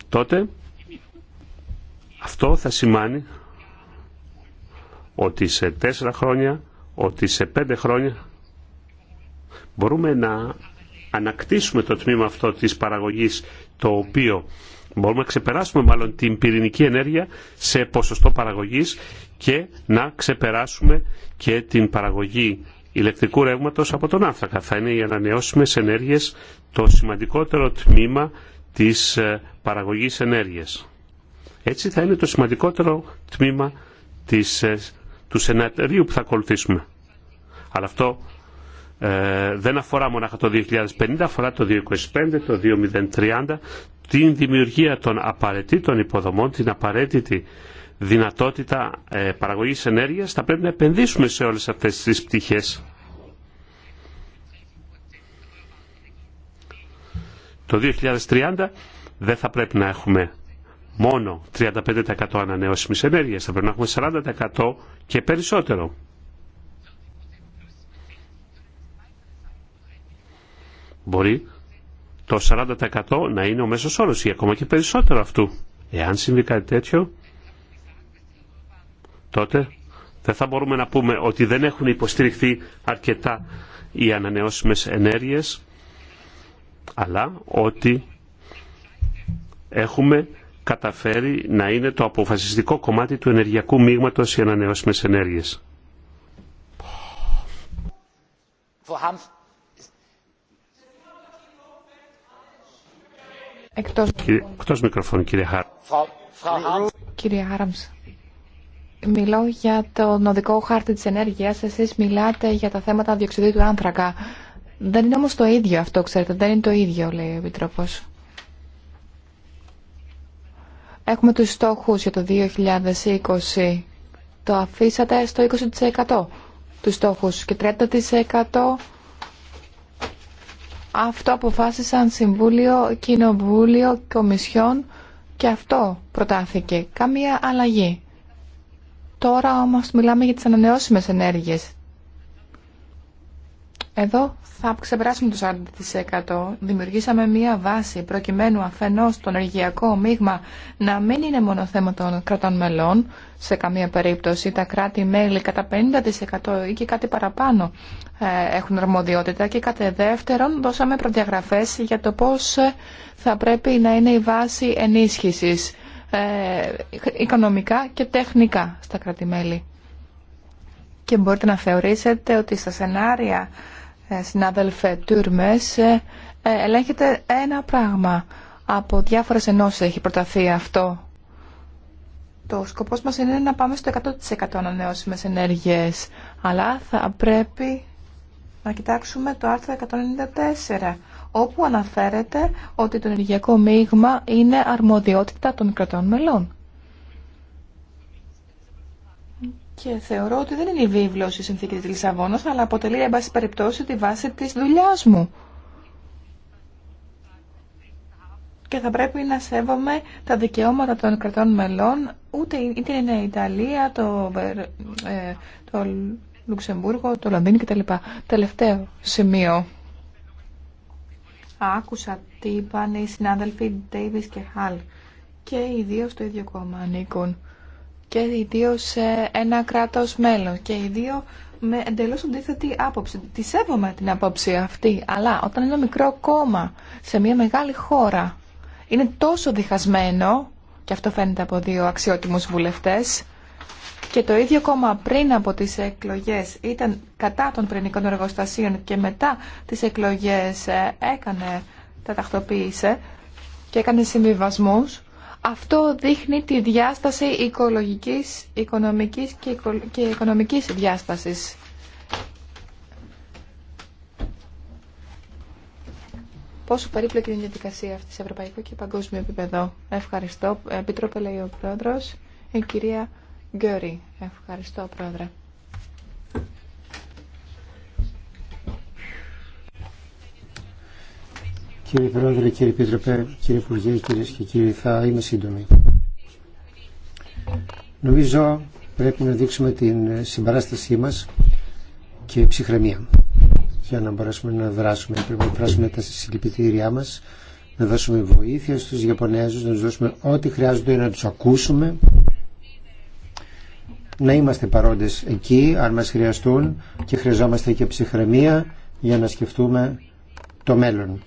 τότε αυτό θα σημαίνει ότι σε τέσσερα χρόνια, ότι σε πέντε χρόνια μπορούμε να ανακτήσουμε το τμήμα αυτό της παραγωγής το οποίο μπορούμε να ξεπεράσουμε μάλλον την πυρηνική ενέργεια σε ποσοστό παραγωγής και να ξεπεράσουμε και την παραγωγή ηλεκτρικού ρεύματος από τον άνθρακα. Θα είναι οι ανανεώσιμες ενέργειες το σημαντικότερο τμήμα της ε, παραγωγής ενέργειας. Έτσι θα είναι το σημαντικότερο τμήμα της, ε, του σενάριου που θα ακολουθήσουμε. Αλλά αυτό ε, δεν αφορά μονάχα το 2050, αφορά το 2025, το 2030, την δημιουργία των απαραίτητων υποδομών, την απαραίτητη δυνατότητα ε, παραγωγής ενέργειας, θα πρέπει να επενδύσουμε σε όλες αυτές τις πτυχές. Το 2030 δεν θα πρέπει να έχουμε μόνο 35% ανανεώσιμης ενέργειας, θα πρέπει να έχουμε 40% και περισσότερο. Μπορεί το 40% να είναι ο μέσος όρος ή ακόμα και περισσότερο αυτού. Εάν συμβεί κάτι τέτοιο, τότε δεν θα μπορούμε να πούμε ότι δεν έχουν υποστηριχθεί αρκετά οι ανανεώσιμες ενέργειες, αλλά ότι έχουμε καταφέρει να είναι το αποφασιστικό κομμάτι του ενεργειακού μείγματος για ανανεώσιμες ενέργειες. Εκτός, Εκτός μικροφώνου, κύριε Χάραμς. Κύριε μιλώ για τον οδικό χάρτη της ενέργειας. Εσείς μιλάτε για τα θέματα διοξιδίου του άνθρακα. Δεν είναι όμως το ίδιο αυτό, ξέρετε. Δεν είναι το ίδιο, λέει ο Επιτρόπος. Έχουμε τους στόχους για το 2020. Το αφήσατε στο 20% τους στόχους και 30% αυτό αποφάσισαν Συμβούλιο, Κοινοβούλιο, Κομισιόν και αυτό προτάθηκε. Καμία αλλαγή. Τώρα όμως μιλάμε για τις ανανεώσιμες ενέργειες. Εδώ θα ξεπεράσουμε το 40%. Δημιουργήσαμε μία βάση προκειμένου αφενός το ενεργειακό μείγμα να μην είναι μόνο θέμα των κρατών μελών, σε καμία περίπτωση τα κράτη-μέλη κατά 50% ή και κάτι παραπάνω ε, έχουν αρμοδιότητα και κατά δεύτερον δώσαμε προδιαγραφές για το πώς ε, θα πρέπει να είναι η βάση ενίσχυσης ε, οικονομικά και τεχνικά στα κράτη-μέλη. Και μπορείτε να θεωρήσετε ότι στα σενάρια ε, συνάδελφε Τούρμες, ε, ε, ελέγχεται ένα πράγμα. Από διάφορες ενώσεις έχει προταθεί αυτό. Το σκοπός μας είναι να πάμε στο 100% ανανεώσιμες ενέργειες. Αλλά θα πρέπει να κοιτάξουμε το άρθρο 194, όπου αναφέρεται ότι το ενεργειακό μείγμα είναι αρμοδιότητα των κρατών μελών. Και θεωρώ ότι δεν είναι η βίβλος η συνθήκη της Λισαβόνας, αλλά αποτελεί, εν περιπτώσει, τη βάση της δουλειάς μου. Και θα πρέπει να σέβομαι τα δικαιώματα των κρατών μελών, ούτε είτε είναι η Ιταλία, το, ε, το Λουξεμβούργο, το Λονδίνο κτλ. Τελευταίο σημείο. Άκουσα τι είπαν οι συνάδελφοι Ντέιβις και Χαλ και οι δύο στο ίδιο κόμμα ανήκουν και ιδίω σε ένα κράτος μέλος και οι δύο με εντελώς αντίθετη άποψη. Τη σέβομαι την άποψη αυτή, αλλά όταν ένα μικρό κόμμα σε μια μεγάλη χώρα είναι τόσο διχασμένο, και αυτό φαίνεται από δύο αξιότιμους βουλευτές, και το ίδιο κόμμα πριν από τις εκλογές ήταν κατά των πρινικών εργοστασίων και μετά τις εκλογές ε, έκανε, τα τακτοποίησε και έκανε συμβιβασμούς αυτό δείχνει τη διάσταση οικολογικής, οικονομικής και οικονομικής διάστασης. Πόσο περίπλοκη είναι η διαδικασία αυτή σε ευρωπαϊκό και παγκόσμιο επίπεδο. Ευχαριστώ. Επιτρόπε λέει ο πρόεδρος, η κυρία Γκέρι. Ευχαριστώ πρόεδρε. Κύριε Πρόεδρε, κύριε Επίτροπε, κύριε Υπουργέ, κυρίε και κύριοι, θα είμαι σύντομη. Νομίζω πρέπει να δείξουμε την συμπαράστασή μα και ψυχραιμία για να μπορέσουμε να δράσουμε. Πρέπει να δράσουμε τα συλληπιτήριά μας, να δώσουμε βοήθεια στους Ιαπωνέζου, να του δώσουμε ό,τι χρειάζονται να του ακούσουμε, να είμαστε παρόντε εκεί αν μα χρειαστούν και χρειαζόμαστε και ψυχραιμία για να σκεφτούμε το μέλλον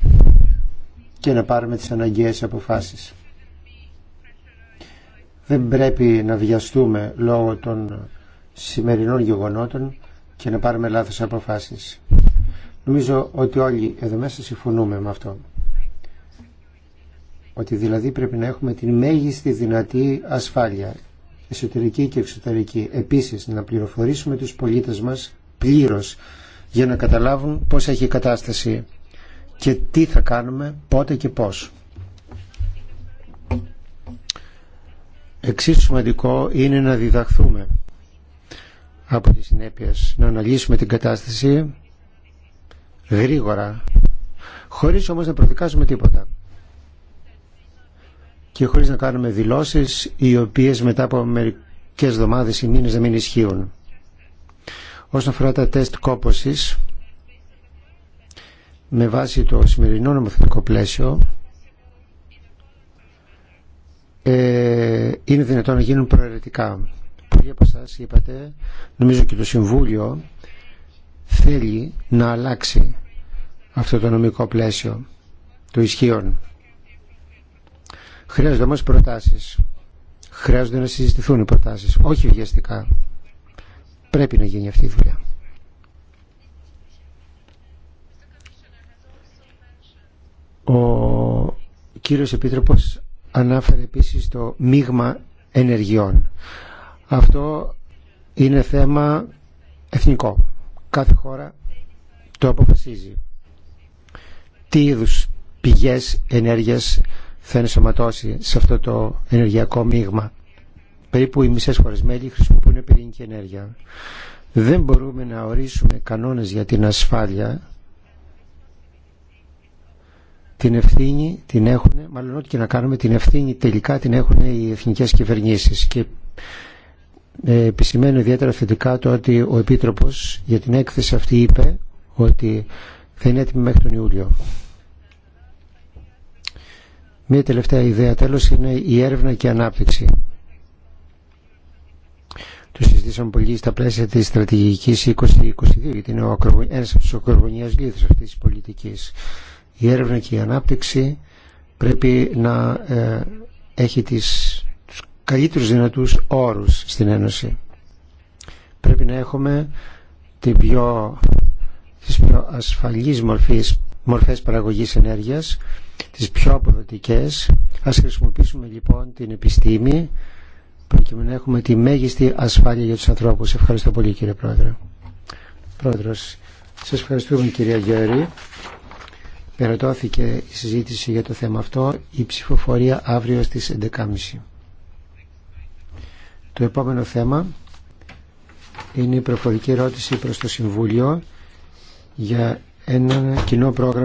και να πάρουμε τις αναγκαίες αποφάσεις. Δεν πρέπει να βιαστούμε λόγω των σημερινών γεγονότων και να πάρουμε λάθος αποφάσεις. Νομίζω ότι όλοι εδώ μέσα συμφωνούμε με αυτό. Ότι δηλαδή πρέπει να έχουμε την μέγιστη δυνατή ασφάλεια, εσωτερική και εξωτερική. Επίσης να πληροφορήσουμε τους πολίτες μας πλήρως για να καταλάβουν πώς έχει η κατάσταση και τι θα κάνουμε, πότε και πώς. Εξίσου σημαντικό είναι να διδαχθούμε από τις συνέπειες, να αναλύσουμε την κατάσταση γρήγορα, χωρίς όμως να προδικάσουμε τίποτα και χωρίς να κάνουμε δηλώσεις οι οποίες μετά από μερικές εβδομάδες ή μήνες δεν μην ισχύουν. Όσον αφορά τα τεστ κόπωσης, με βάση το σημερινό νομοθετικό πλαίσιο ε, είναι δυνατόν να γίνουν προαιρετικά. Πολλοί από εσάς είπατε, νομίζω και το Συμβούλιο θέλει να αλλάξει αυτό το νομικό πλαίσιο του ισχύων. Χρειάζονται όμως προτάσεις. Χρειάζονται να συζητηθούν οι προτάσεις, όχι βιαστικά. Πρέπει να γίνει αυτή η δουλειά. Ο κύριος Επίτροπος ανάφερε επίσης το μείγμα ενεργειών. Αυτό είναι θέμα εθνικό. Κάθε χώρα το αποφασίζει. Τι είδους πηγές ενέργειας θα ενσωματώσει σε αυτό το ενεργειακό μείγμα. Περίπου οι μισές χώρες μέλη χρησιμοποιούν πυρηνική ενέργεια. Δεν μπορούμε να ορίσουμε κανόνες για την ασφάλεια την ευθύνη την έχουν, μάλλον ό,τι και να κάνουμε, την ευθύνη τελικά την έχουν οι εθνικές κυβερνήσεις. Και ε, επισημαίνω ιδιαίτερα θετικά το ότι ο Επίτροπος για την έκθεση αυτή είπε ότι θα είναι έτοιμη μέχρι τον Ιούλιο. Μία τελευταία ιδέα τέλος είναι η έρευνα και η ανάπτυξη. Το συζητήσαμε πολύ στα πλαίσια της στρατηγικής 2022, γιατί είναι ο ένας από τους αυτής της πολιτικής η έρευνα και η ανάπτυξη πρέπει να ε, έχει τις, τους καλύτερους δυνατούς όρους στην Ένωση. Πρέπει να έχουμε την πιο, τις πιο ασφαλείς μορφές, μορφές παραγωγής ενέργειας, τις πιο αποδοτικές. Ας χρησιμοποιήσουμε λοιπόν την επιστήμη προκειμένου να έχουμε τη μέγιστη ασφάλεια για τους ανθρώπους. Ευχαριστώ πολύ κύριε Πρόεδρε. Πρόεδρος, σας ευχαριστούμε κυρία Γιώρη. Περατώθηκε η συζήτηση για το θέμα αυτό, η ψηφοφορία αύριο στις 11.30. Το επόμενο θέμα είναι η προφορική ερώτηση προς το Συμβούλιο για ένα κοινό πρόγραμμα